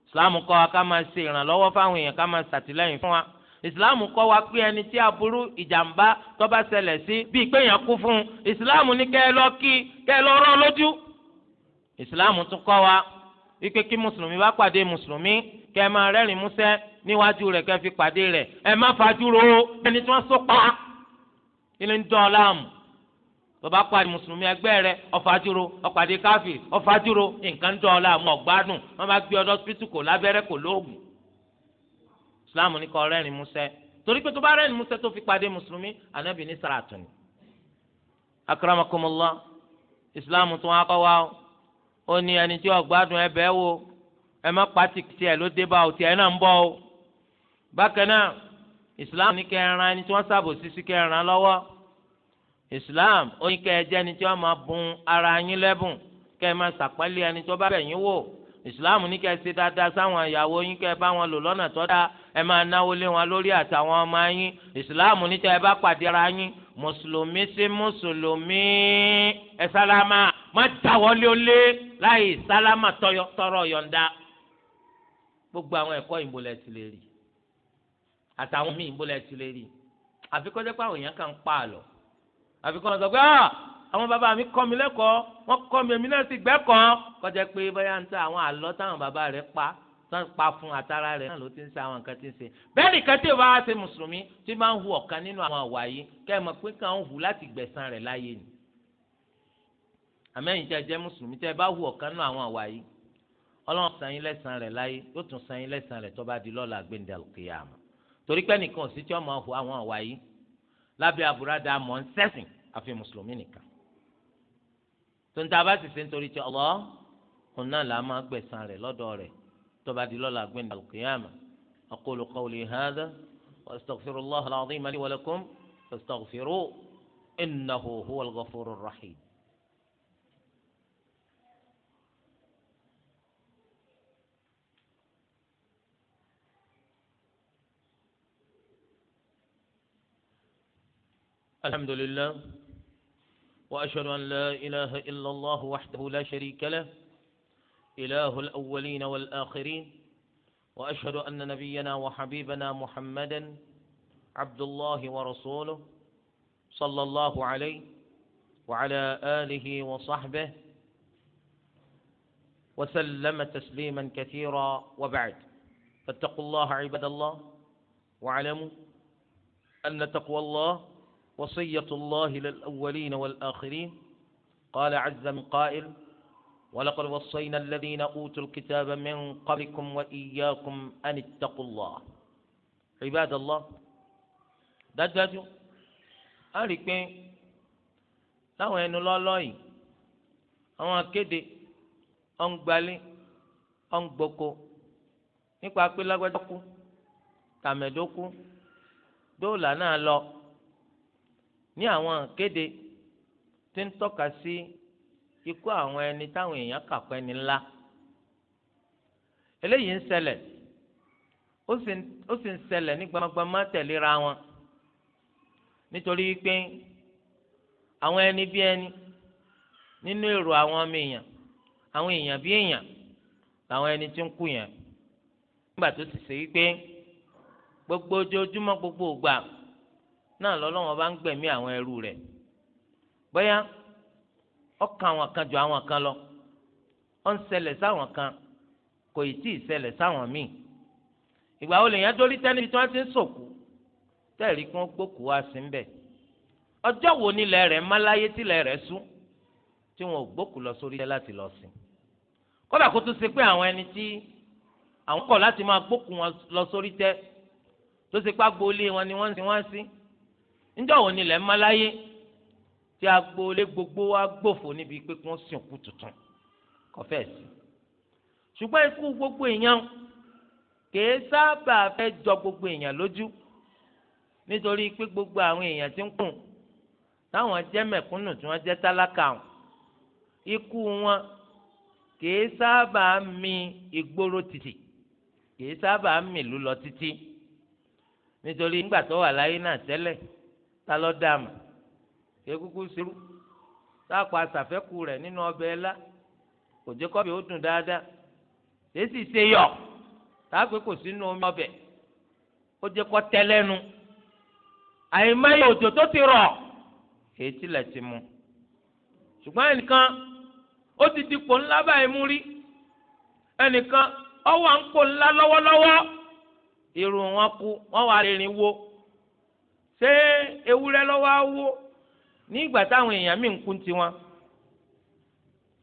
ìsìláàmù kọ́ wa ká máa ṣe ìrànlọ́wọ́ fáwọn èèyàn ká máa ṣàtìlẹ́yìn fún wa ìsìláàmù kọ́ wa pé ẹni tí aburú ìjàmbá tó bá ṣẹlẹ̀ sí bíi pé èèyàn kú fún un ìsìláàmù ní kẹ́ ẹ lọ kí kẹ́ ẹ lọ rán kẹ́ ẹ máa rẹ́rìn músẹ́ níwájú rẹ̀ kẹ́ fi pàdé rẹ̀ ẹ má fàdúró ẹni tí wọ́n sọ pa ilé ń dán ọ láàmú bàbá pàdé mùsùlùmí ẹgbẹ́ rẹ̀ ọ̀fàdúró ọ̀pàdé káfíìrì ọ̀fàdúró nǹkan ń dán ọ láàmú ọ̀gbádùn wọ́n bá gbé ọdọ sípítù kò lábẹ́rẹ́ kò lóògùn islam ní kọ́ rẹ́rìn músẹ́ torí pé tó bá rẹ́rìn músẹ́ tó fi pàdé mùsùlùmí ànábì ní sàràtúnì akramakumullah islam tún wá kọ́ wa ó ní ẹni tí ọ̀gbádùn ẹbẹ̀ wò ẹ má pati tiẹ̀ ló dé bá o tiẹ̀ náà ń bọ̀ o bákan náà islam ní kẹrin ẹni tí wọ́n sábò sísí kẹrin lọ́wọ́ islam ó ní kẹ jẹ́ ẹni tí wọ́n máa bun ara yín lẹ́bùn kẹ ẹ máa sàpẹ́lẹ̀ ẹni tó bá bẹ̀ yín wò islam ní kẹ ṣe dáadáa sáwọn ìyàwó yín kẹ bá wọn lò lọ́nà tó dáa ẹ máa náwó lé wọn lórí àtàwọn ọmọ yín islam ní kẹ bá pàdé ara yín mùsùlùmí sí mùsùlùmí ẹ sálámà má dáwọ́lé ó lé láì sálámà tọrọ yọ̀ǹda gbogbo àwọn ẹ̀kọ́ ìbò lẹ ti lè rí àtàwọn míì ìbò lẹ ti lè rí àfi kó jẹ́ pé àwọn èèyàn kan ń pa àlọ́ àfi kó wọn sọ pé ah, àwọn bàbá mi kọ́ mi lẹ́kọ̀ọ́ wọ́n kọ́ mi èmi náà sì gbẹ́kọ̀ọ́ kó jẹ́ pé bóyá ń ta àwọn àlọ́ táwọn bàbá rẹ̀ pa tán pa fún àtàrà rẹ̀ náà ló ti ń ṣe àwọn nǹkan tí ń ṣe bẹ́ẹ̀ nìkan tí ìbára ṣe mùsùlùmí tí máa ń hu ọ̀kan nínú àwọn àwà yìí kẹ́ ẹ mọ̀ pé kàn ń hu láti gbẹ̀san rẹ̀ láyé ni àmẹ́yìn tẹ́ jẹ́ mùsùlùmí tẹ́ bá hu ọ̀kan nínú àwọn àwà yìí ọlọ́run san yín lẹ́san rẹ̀ láyé yóò tún san yín lẹ́san rẹ̀ tó bá di lọ́la gbẹ̀ndẹ̀lù kìyàmù torí pé nìkan sí tí ọmọ ọ̀hún àwọn ọ̀wá yìí lábẹ́ àbúradà mọ̀ ń sẹ́sìn àfi mùsùlùmí nìkan tó ń ta bá sì ṣe nítorí tí ọlọ́ òun náà là máa gbẹ̀san rẹ̀ lọ́dọ̀ rẹ̀ tó di lọ́la gbẹ̀ndẹ̀lù kìyàmù aqulu qawli hadha الحمد لله وأشهد أن لا إله إلا الله وحده لا شريك له إله الأولين والآخرين وأشهد أن نبينا وحبيبنا محمدا عبد الله ورسوله صلى الله عليه وعلى آله وصحبه وسلم تسليما كثيرا وبعد فاتقوا الله عباد الله واعلموا أن تقوى الله وصية الله للأولين والآخرين قال عز من قائل ولقد وصينا الذين أوتوا الكتاب من قبلكم وإياكم أن اتقوا الله عباد الله dájúdájú a rí i الله láwọn الله الله yìí àwọn akéde ọ̀ǹgbalẹ̀ ọ̀ǹgboko nípa pé lágbájá kú tàmẹ̀dó kú dóòlà الله ní àwọn kéde tí ń tọ́ka sí ikú àwọn ẹni táwọn èèyàn kàpẹ́ ni ńlá eléyìí ń ṣẹlẹ̀ ó sì ń ṣẹlẹ̀ ní gbamagbama tẹ̀léra wọn nítorí pé àwọn ẹni bí ẹni nínú èrò àwọn ọmọ èèyàn àwọn èèyàn bí èèyàn làwọn ẹni tí ń kú yẹn nígbà tó ti ṣe wípé gbogbo ojoojúmọ́ gbogbo ògbà. náà lọ́lọ́wọ́n bá ń gbẹ̀mí àwọn ẹrú rẹ̀ bóyá ọkàn àwọn kan ju àwọn kan lọ ó ń ṣẹlẹ̀ sáwọn kan kò ì tíì ṣẹlẹ̀ sáwọn míì ìgbà wo lèèyàn dórí tẹ́ni tí wọ́n ti ń sòkú tẹ́ẹ̀rí kí wọ́n gbókùú wá sí ńbẹ̀ ọjọ́ wo nílẹ̀ rẹ̀ máláyé tílẹ̀ rẹ̀ sú tí wọn ò gbókùú lọ sórí tẹ́ láti lọ sí kódà kó tó ṣe pé àwọn ẹni tí àwọn kọ̀ láti máa gbókùú wọn lọ sórí tẹ́ tó ṣe pé agboolé wọn ni wọ́n ń sin wọ́n ń sin níjọ́ wo ni ilẹ̀ ń má láyé tí agboolé gbogbo wa gbòfò níbi pé kí wọ́n sìnkú tuntun kọfẹ́ẹ̀sì ṣùgbọ́n ikú gbogbo èèyàn kìí sábà fẹ́ jọ gbogbo èèyàn lójú nítorí pé gbogbo àwọn èèyàn ti ń kùn táwọn jẹ́ mẹ̀kúnnù tí wọ́n jẹ́ tálákà hàn ikú wọn kìí sábà mi ìgboro títì kìí sábà mi ìlú lọ títí nítorí nígbà tó wà láyé náà tẹ́lẹ̀ talọ lọ dá mà kékuku sírú sáàpọ̀ rẹ̀ nínú ọbẹ̀ ẹ̀la kò kọ́bẹ̀ ó dùn dáadáa èsì ṣe yọ sáàpẹ́ kò sínú omi ọbẹ̀ ó jẹ́ kọ́ tẹ́lẹ́nu àyèmáyé òjò tó ti rọ̀ èyí tilẹ̀ ti mu ṣùgbọ́n ẹnìkan ó ti di ńlá báyìí mú rí ẹnìkan ọwọ́ à ń ńlá lọ́wọ́lọ́wọ́ irun wọn kú wọn wà ṣé ewúrẹ́ lọ́wọ́ á wó nígbà táwọn èèyàn míì ń kú tiwọn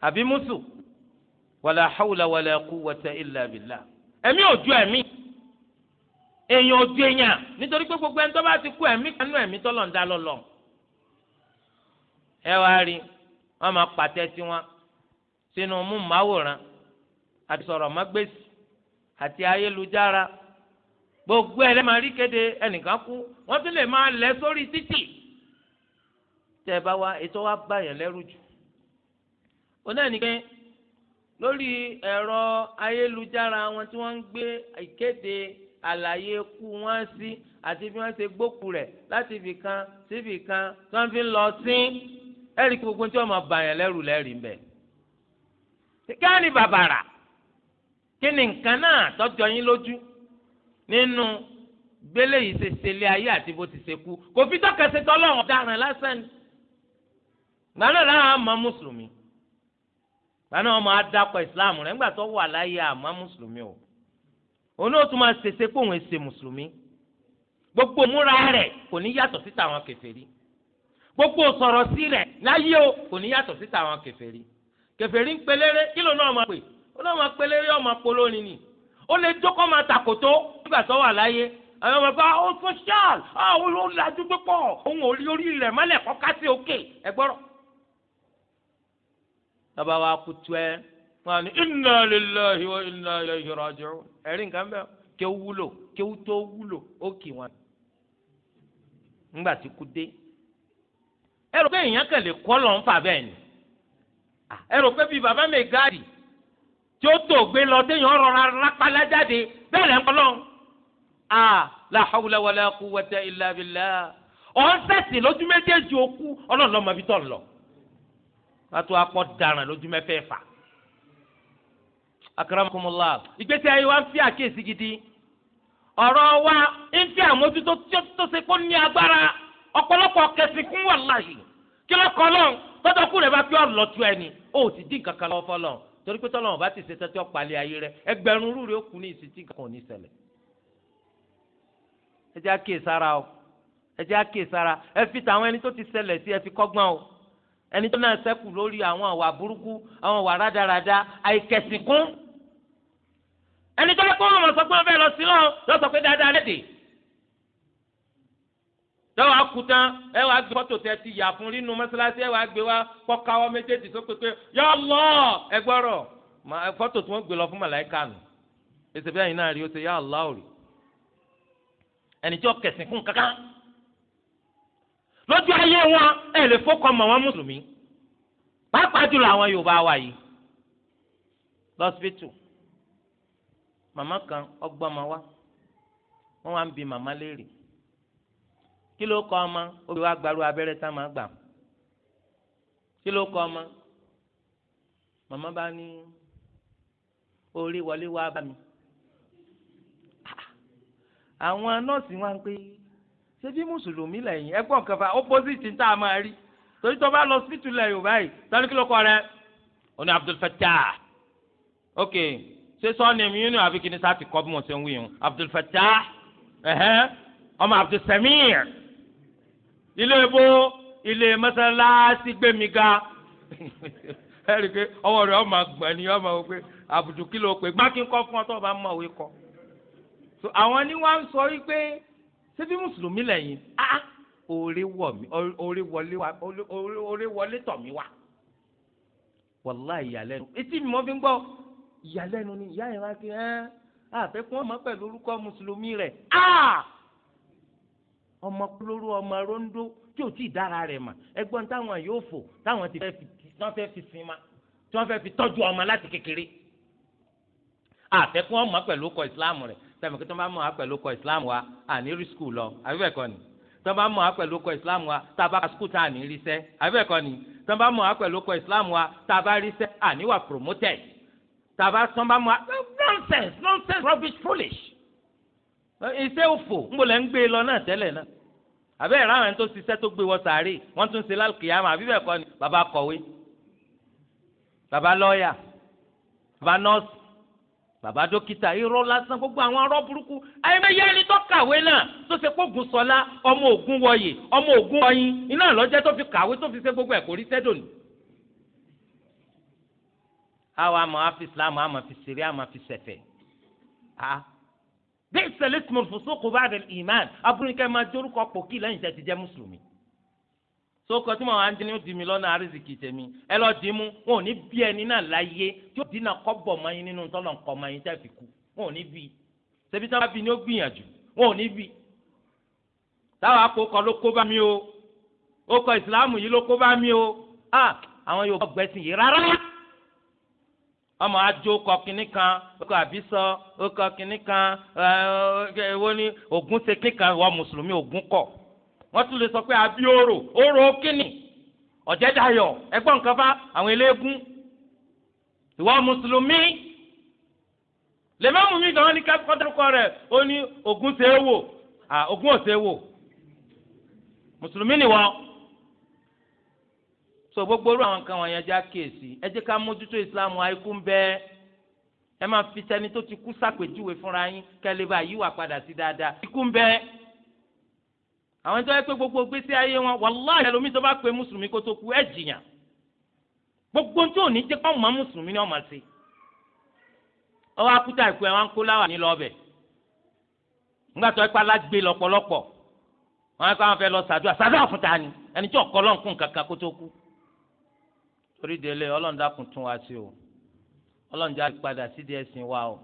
àbí mùsù wàlà hàwùlà wàlà quwwata illa billah ẹ̀mí ò ẹ̀mí èèyàn ò èèyàn nítorí pé gbogbo ẹni tó bá ti kú ẹ̀mí kanú ẹ̀mí tọ́lọ̀ ń dá lọ́lọ́ ẹ wọn máa pàtẹ tiwọn sínú mú màwòrán àti sọ̀rọ̀ àti gbogbo ẹ lẹ́ẹ̀ma rí kéde ẹnìkan kú wọ́n tún lè máa lẹ̀ sórí títì tẹ́ ẹ bá wa ètò wa bá yẹn lẹ́rù jù ó náà ní pé lórí ẹ̀rọ ayélujára wọn tí wọ́n ń gbé ìkéde àlàyé ikú wọn sí àti bí wọ́n ṣe gbókù rẹ̀ láti ibì kan sí ibì kan tí wọ́n fi ń lọ sí ẹ̀rí gbogbo tí wọ́n máa bá yẹn lẹ́rù lẹ́rìí ń bẹ̀. kí á ní bàbàrà kí ni nǹkan náà tọ́jọ́ yín lójú nínú gbélé yìí ṣe ṣe ilé ayé àti bó ti ṣe kú kò fi tọ́ka ṣe tọ́lọ́run ọ̀daràn lásán ni gbaná làwọn àmọ́ mùsùlùmí gbaná wọn máa dákọ̀ ìsìláàmù rẹ̀ nígbà tó wà láyé àmọ́ mùsùlùmí o òun náà tún máa ṣèṣe pé òun ṣe mùsùlùmí gbogbo múra rẹ̀ kò ní yàtọ̀ síta àwọn kèfèrí gbogbo sọ̀rọ̀ sí rẹ̀ láyé o kò ní yàtọ̀ síta àwọn kèfèrí kèfèrí ń pelére kí ló náà máa pè ó náà máa pelére ọmọ polórin ó lè jókòó máa tàkòtó nígbà tó wà láyé àwọn bàbá ah, ó social àwọn ah, olùlàjú púpọ̀ òun ò rí orí rẹ̀ mọ́lẹ̀ kọ́ kásí òkè ẹgbọ́rọ̀. bàbá wa kú tu ẹ wọn ni inna lillahi wa inna ilayhi raji'un ẹ̀rí nǹkan bẹ́ẹ̀ kí ó wúlò kí ó tó wúlò ó kì wọn. nígbà tí kú dé ẹ rò pé èèyàn kàn lè kọ́ lọ́n fà bẹ́ẹ̀ ni ẹ rò pé bíi bàbá mi gáàdì tí ó tó gbé lọ téèyàn rọra rápálá jáde bẹ́ẹ̀ lẹ́ ń kọ́ lọ́hùn. a la hawla wala quwwata illa billah ọ̀hún sẹ̀sìn lójú méjèèjì òkú ọlọ́run lọ́mọ ibi tó ń lọ. látò akọ daràn lójú mẹ́fẹ́ fà. akramakumullah ìgbésí ayé wa ń fi àkíyèsí gidi ọ̀rọ̀ wa ń fi àmójútó tó ṣe kó ní agbára ọ̀pọ̀lọpọ̀ kẹsì kún wàláhì kí lọ́kọ́ lọ́hùn tọ́jọ́kù rẹ̀ bá fi ọ̀ lọ́tú ẹni ó ti dín kankan lọ́wọ́ fọlọ́hùn torí pé tọ́lọ́mọ̀ bá ti ṣe tẹ́tí ọ̀pálẹ̀ ayé rẹ ẹgbẹ̀rún rúurú ó kù ní ìsìtì kan ní ìṣẹ̀lẹ̀ ẹ jẹ́ àkíyè sára o ẹ jẹ́ àkíyè sára ẹ fi tàwọn ẹni tó ti ṣẹlẹ̀ sí ẹ fi kọ́gbọ́n o ẹni tó náà ṣẹ́kù lórí àwọn àwà burúkú àwọn àwà rádaràda àìkẹ̀sìnkún ẹni tó lọ́kọ́ ọmọ sọ pé ọ tẹ́wọ́ akutan ẹ wàá gbé fọ́tò tẹ ti yà fún nínú mọ́sálásí ẹ wàá gbé wa kọ́káwọ́ méjèèjì sókè pé ya Allah ẹ gbọ́rọ̀ fọ́tò tí wọ́n gbé lọ fún màláìka nù èsì bí àyìnlá rí o ṣe ya Allah rí ẹni tí ó kẹsìn kún kankan lójú ayé wọn ẹ lè fọkọ mọ wọn mùsùlùmí pàápàá jùlọ àwọn Yorùbá wa yìí lọ́sibítù màmá kan ọgbọ́n ma wá wọ́n wá ń bi màmá léèrè kí ló kọ ọmọ obì wa gbaru abẹ́rẹ́ tá máa gbà kí ló kọ ọmọ màmá bá ní orí wọlé wá bá mi àwọn nọ́ọ̀sì wa ń pè é ṣé bí mùsùlùmí lẹ́yìn ẹgbọ́n kan fa opposite tá a máa rí torí tó bá lọ síbítù lẹ̀ yorùbá yìí tani kí ló kọ rẹ oní Abdul Fatah. ok ṣé sọ́ọ̀nì mi yín ni àbí kí ni sáà ti kọ́ bí mo ṣe ń wí yín Abdul Fattah ọmọ Abdul Samir ilé ebo ilé mọ́sálásí gbẹ̀mí ga ẹ̀rí pé ọwọ́ rẹ̀ ọmọ àgbà ni ọmọ wò pé àbùjù kí ló pé gbákin kọ́ fún ọ tó o bá mọ̀ òwe kọ. so àwọn ni wọ́n ń sọ wípé ṣébí mùsùlùmí lẹ́yìn ah, ah oore wọlé tọ̀ mí wá wàláì ìyàlẹ́nu etí mi mọ́ fi ń gbọ́ ìyàlẹ́nu ni ìyá yẹn wá kí ẹ́ àfẹ́kùn ọmọ pẹ̀lú orúkọ mùsùlùmí rẹ̀ ah ọmọ kúlórú ọmọ róńdó tí ò tí ì dára rẹ̀ mà ẹgbọ́n táwọn yóò fò táwọn ti fẹ́ fi sin ma tí wọ́n fẹ́ fi tọ́jú ọmọ láti kékeré àfẹ́kún ọmọ pẹ̀lú ọkọ̀ ìsìláàmù rẹ̀ sẹ́mi kí tó bá mọ̀ á pẹ̀lú ọkọ̀ ìsìláàmù wa àní rí skul lọ àbí bẹ́ẹ̀ kọ́ ni tó bá mọ̀ á pẹ̀lú ọkọ̀ ìsìláàmù wa tá a bá skul tá àní rí sẹ́ àbí ni tó bá mọ̀ á pẹ̀lú ọkọ̀ wa tá a bá rí sẹ́ promoted tá a bá sọ́n bá mọ̀ nonsense nonsense rubbish foolish iṣẹ́ òfò ń bò lẹ́ ń gbé lọ náà tẹ́lẹ̀ náà àbẹ́ ìrá àwọn tó ṣiṣẹ́ tó gbé wọ sàárè wọ́n tún ṣe lálùkìyàmà àbí bẹ́ẹ̀ kọ́ ni bàbá kọ̀wé bàbá lọ́ọ̀yà bàbá nọ́ọ̀sì bàbá dókítà irọ́ lásán gbogbo àwọn arọ́ burúkú ayẹmẹyẹ ẹni tó kàwé náà tó ṣe pé ògùn sọlá ọmọ ògùn wọyè ọmọ ògùn ọyin iná lọ́jẹ́ tó fi kàwé tó fi ṣe gbogbo ẹ̀ kò rí sẹ́dọ̀nì. àwa àmọ́ àfi Islam àmọ́ fi ṣeré àmọ́ fi ṣẹ̀fẹ̀ bí ìṣẹ̀lẹ̀ tí mo fò sóko bá rẹ ìmán abúlé máa jórúkọ pòkì lẹ́yìn tẹ́ ti jẹ́ mùsùlùmí sókò tí màá dín ní ó di mi lọ́nà àrísìkì tèmi ẹ lọ dì í mú wọn ò ní bí ẹni náà láyé tí ó dínà kọ́bọ̀ mọ́yìn nínú tọ́lọ̀ nǹkan mọ́yìn tẹ́ fi kú wọn ò ní bí i ṣebí táwọn bí ni ó gbìyànjú wọn ò ní bí i táwọn akókò ló kó bá mi o ó kọ ìsìláàmù yìí ló kó bá mi o ah àwọn yóò gbẹ́sìn ọmọ adjo kọ kínní kan ọkọ àbísọ ọkọ kínní kan ẹ wọ́n ní ogun ṣe kínní kan wọ́n mùsùlùmí ogun kọ wọ́n tún lè sọ pé àbí orò orò kínní ọ̀jẹ̀dayọ̀ ẹgbọ́n nǹkan bá àwọn eléégún ìwọ mùsùlùmí lèmọ́mù mi gan ni kọ́tàkọ́ rẹ̀ ó ní ogun ṣe é wò ogun ò ṣe é wò mùsùlùmí nìwọ so gbogbo irú àwọn kan wọ̀nyẹn já kéèsì ẹ jẹ́ ká mójútó ìsìláàmù àìkú ń bẹ́ẹ́ ẹ máa fi tẹni tó ti kú ṣàpèjúwe fúnra yín kẹlẹ́ bá yíwà padà sí dáadáa ikú ń bẹ́ẹ́ àwọn tó yẹ pé gbogbo gbèsè ayé wọn wàláhì ẹlòmíín tó bá pe mùsùlùmí kó tó kú ẹ jìyàn gbogbo tí ní jẹ́ pé ọmọ mùsùlùmí ni ọmọ sí ọwọ́ akúta ìkú ẹ̀ wá ń kó láwà ní lọ́ọ̀bẹ̀ ńgbà tó ipá lágbè lọ́pọ̀lọpọ̀ wọn kọ́ àwọn fẹ́ lọ ṣàdúrà ṣàdúrà fún ta ni ẹni tí ọ̀kọ́ lọ́nkún kankan kó tó kú torí délé ọlọ́run dákun tún wá sí o ọlọ́run já padà sídìí ẹ̀sìn wa o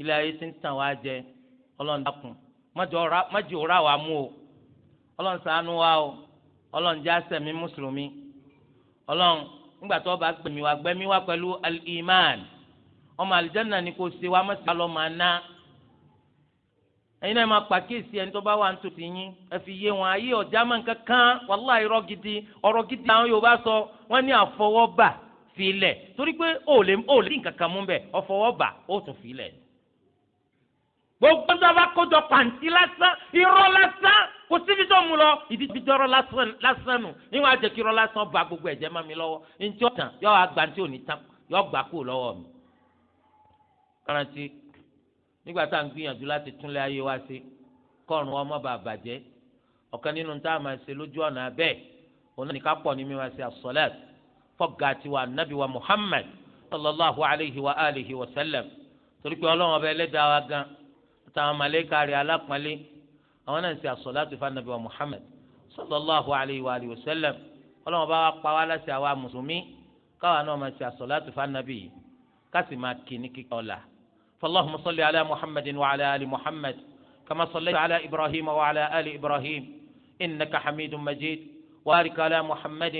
ilé ayé ti ń tàn wá jẹ ọlọ́run dákun májò rà wá mú o ọlọ́run ṣàánú wa o ọlọ́run já sẹ̀mí mùsùlùmí ọlọ́run nígbà tó bá gbẹ̀mí wa gbẹ̀mí wa pẹ̀lú al ọmọ àlìjáná ni kò ṣe wa mọ̀ sí alọ́ máa ná ẹ̀yin náà máa pàkíyèsí ẹni tó bá wà nítòsí yín ẹ fi yé wọn ayé ọjà máa ń kankan wàhálà irọ́ gidi ọ̀rọ̀ gidi àwọn Yorùbá sọ wọ́n ní àfọwọ́bà filẹ̀ torí pé ó lè ó lè nǹkan kan mú bẹ́ẹ̀ ọ̀fọwọ́bà ó tún filẹ̀. gbogbo ń sábà kójọ pàǹtí lásán irọ́ lásán kò síbi tó mú lọ ìdíje dọ́rọ́ lásán nù níwọ̀n àjẹkí irọ́ lásán ba gbogbo ẹ̀jẹ̀ má mi lọ́wọ́ ntí ọ̀tàn yọ nígbà tá à ń gbìyànjú láti túnlé ayé wa ṣe kọ́ọ̀rùn wa má bàa bàjẹ́ ọ̀kan nínú tá a máa ṣe lójú ọ̀nà abẹ́ òun ní ká pọ̀ ní mímọ́ ṣe as fọ́gà tiwa nabi wa Muhammad sallallahu alayhi wa alihi wa sallam torí pé ọlọ́run ọba ẹlẹ́dàá wa gan táwọn màlẹ́kà rẹ̀ alápọ̀nlé àwọn náà ń ṣe as-salatu fa nabi wa Muhammad sallallahu alayhi wa alihi wa sallam ọlọ́run ọba wa pa wá láṣẹ àwa mùsùlùmí káwa náà máa ṣe as-salatu fa nabi yìí ká sì فاللهم صل على محمد وعلى آل محمد كما صليت على إبراهيم وعلى آل إبراهيم إنك حميد مجيد وبارك على محمد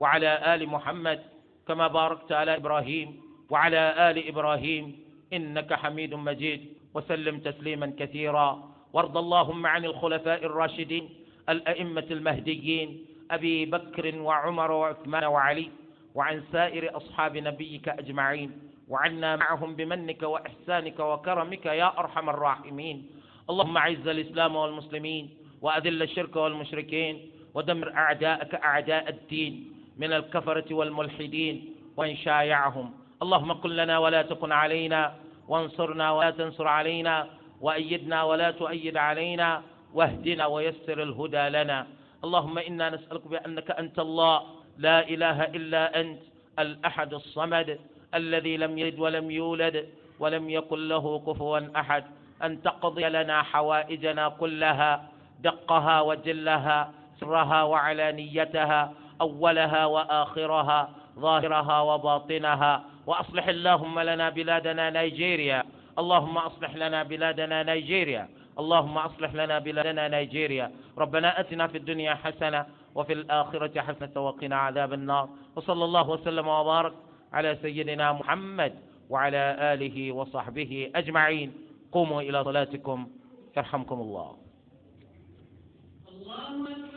وعلى آل محمد كما باركت على إبراهيم وعلى آل إبراهيم إنك حميد مجيد وسلم تسليما كثيرا وارض اللهم عن الخلفاء الراشدين الأئمة المهديين أبي بكر وعمر وعثمان وعلي وعن سائر أصحاب نبيك أجمعين وعنا معهم بمنك وإحسانك وكرمك يا أرحم الراحمين اللهم أعز الإسلام والمسلمين وأذل الشرك والمشركين ودمر أعداءك أعداء الدين من الكفرة والملحدين ومن شايعهم اللهم قل لنا ولا تكن علينا وانصرنا ولا تنصر علينا وأيدنا ولا تؤيد علينا واهدنا ويسر الهدى لنا اللهم إنا نسألك بأنك أنت الله لا إله إلا أنت الأحد الصمد الذي لم يلد ولم يولد ولم يكن له كفوا أحد أن تقضي لنا حوائجنا كلها دقها وجلها سرها وعلانيتها أولها وآخرها ظاهرها وباطنها وأصلح اللهم لنا بلادنا نيجيريا اللهم أصلح لنا بلادنا نيجيريا اللهم أصلح لنا بلادنا نيجيريا ربنا أتنا في الدنيا حسنة وفي الآخرة حسنة وقنا عذاب النار وصلى الله وسلم وبارك على سيدنا محمد وعلى آله وصحبه أجمعين قوموا إلى صلاتكم يرحمكم الله الله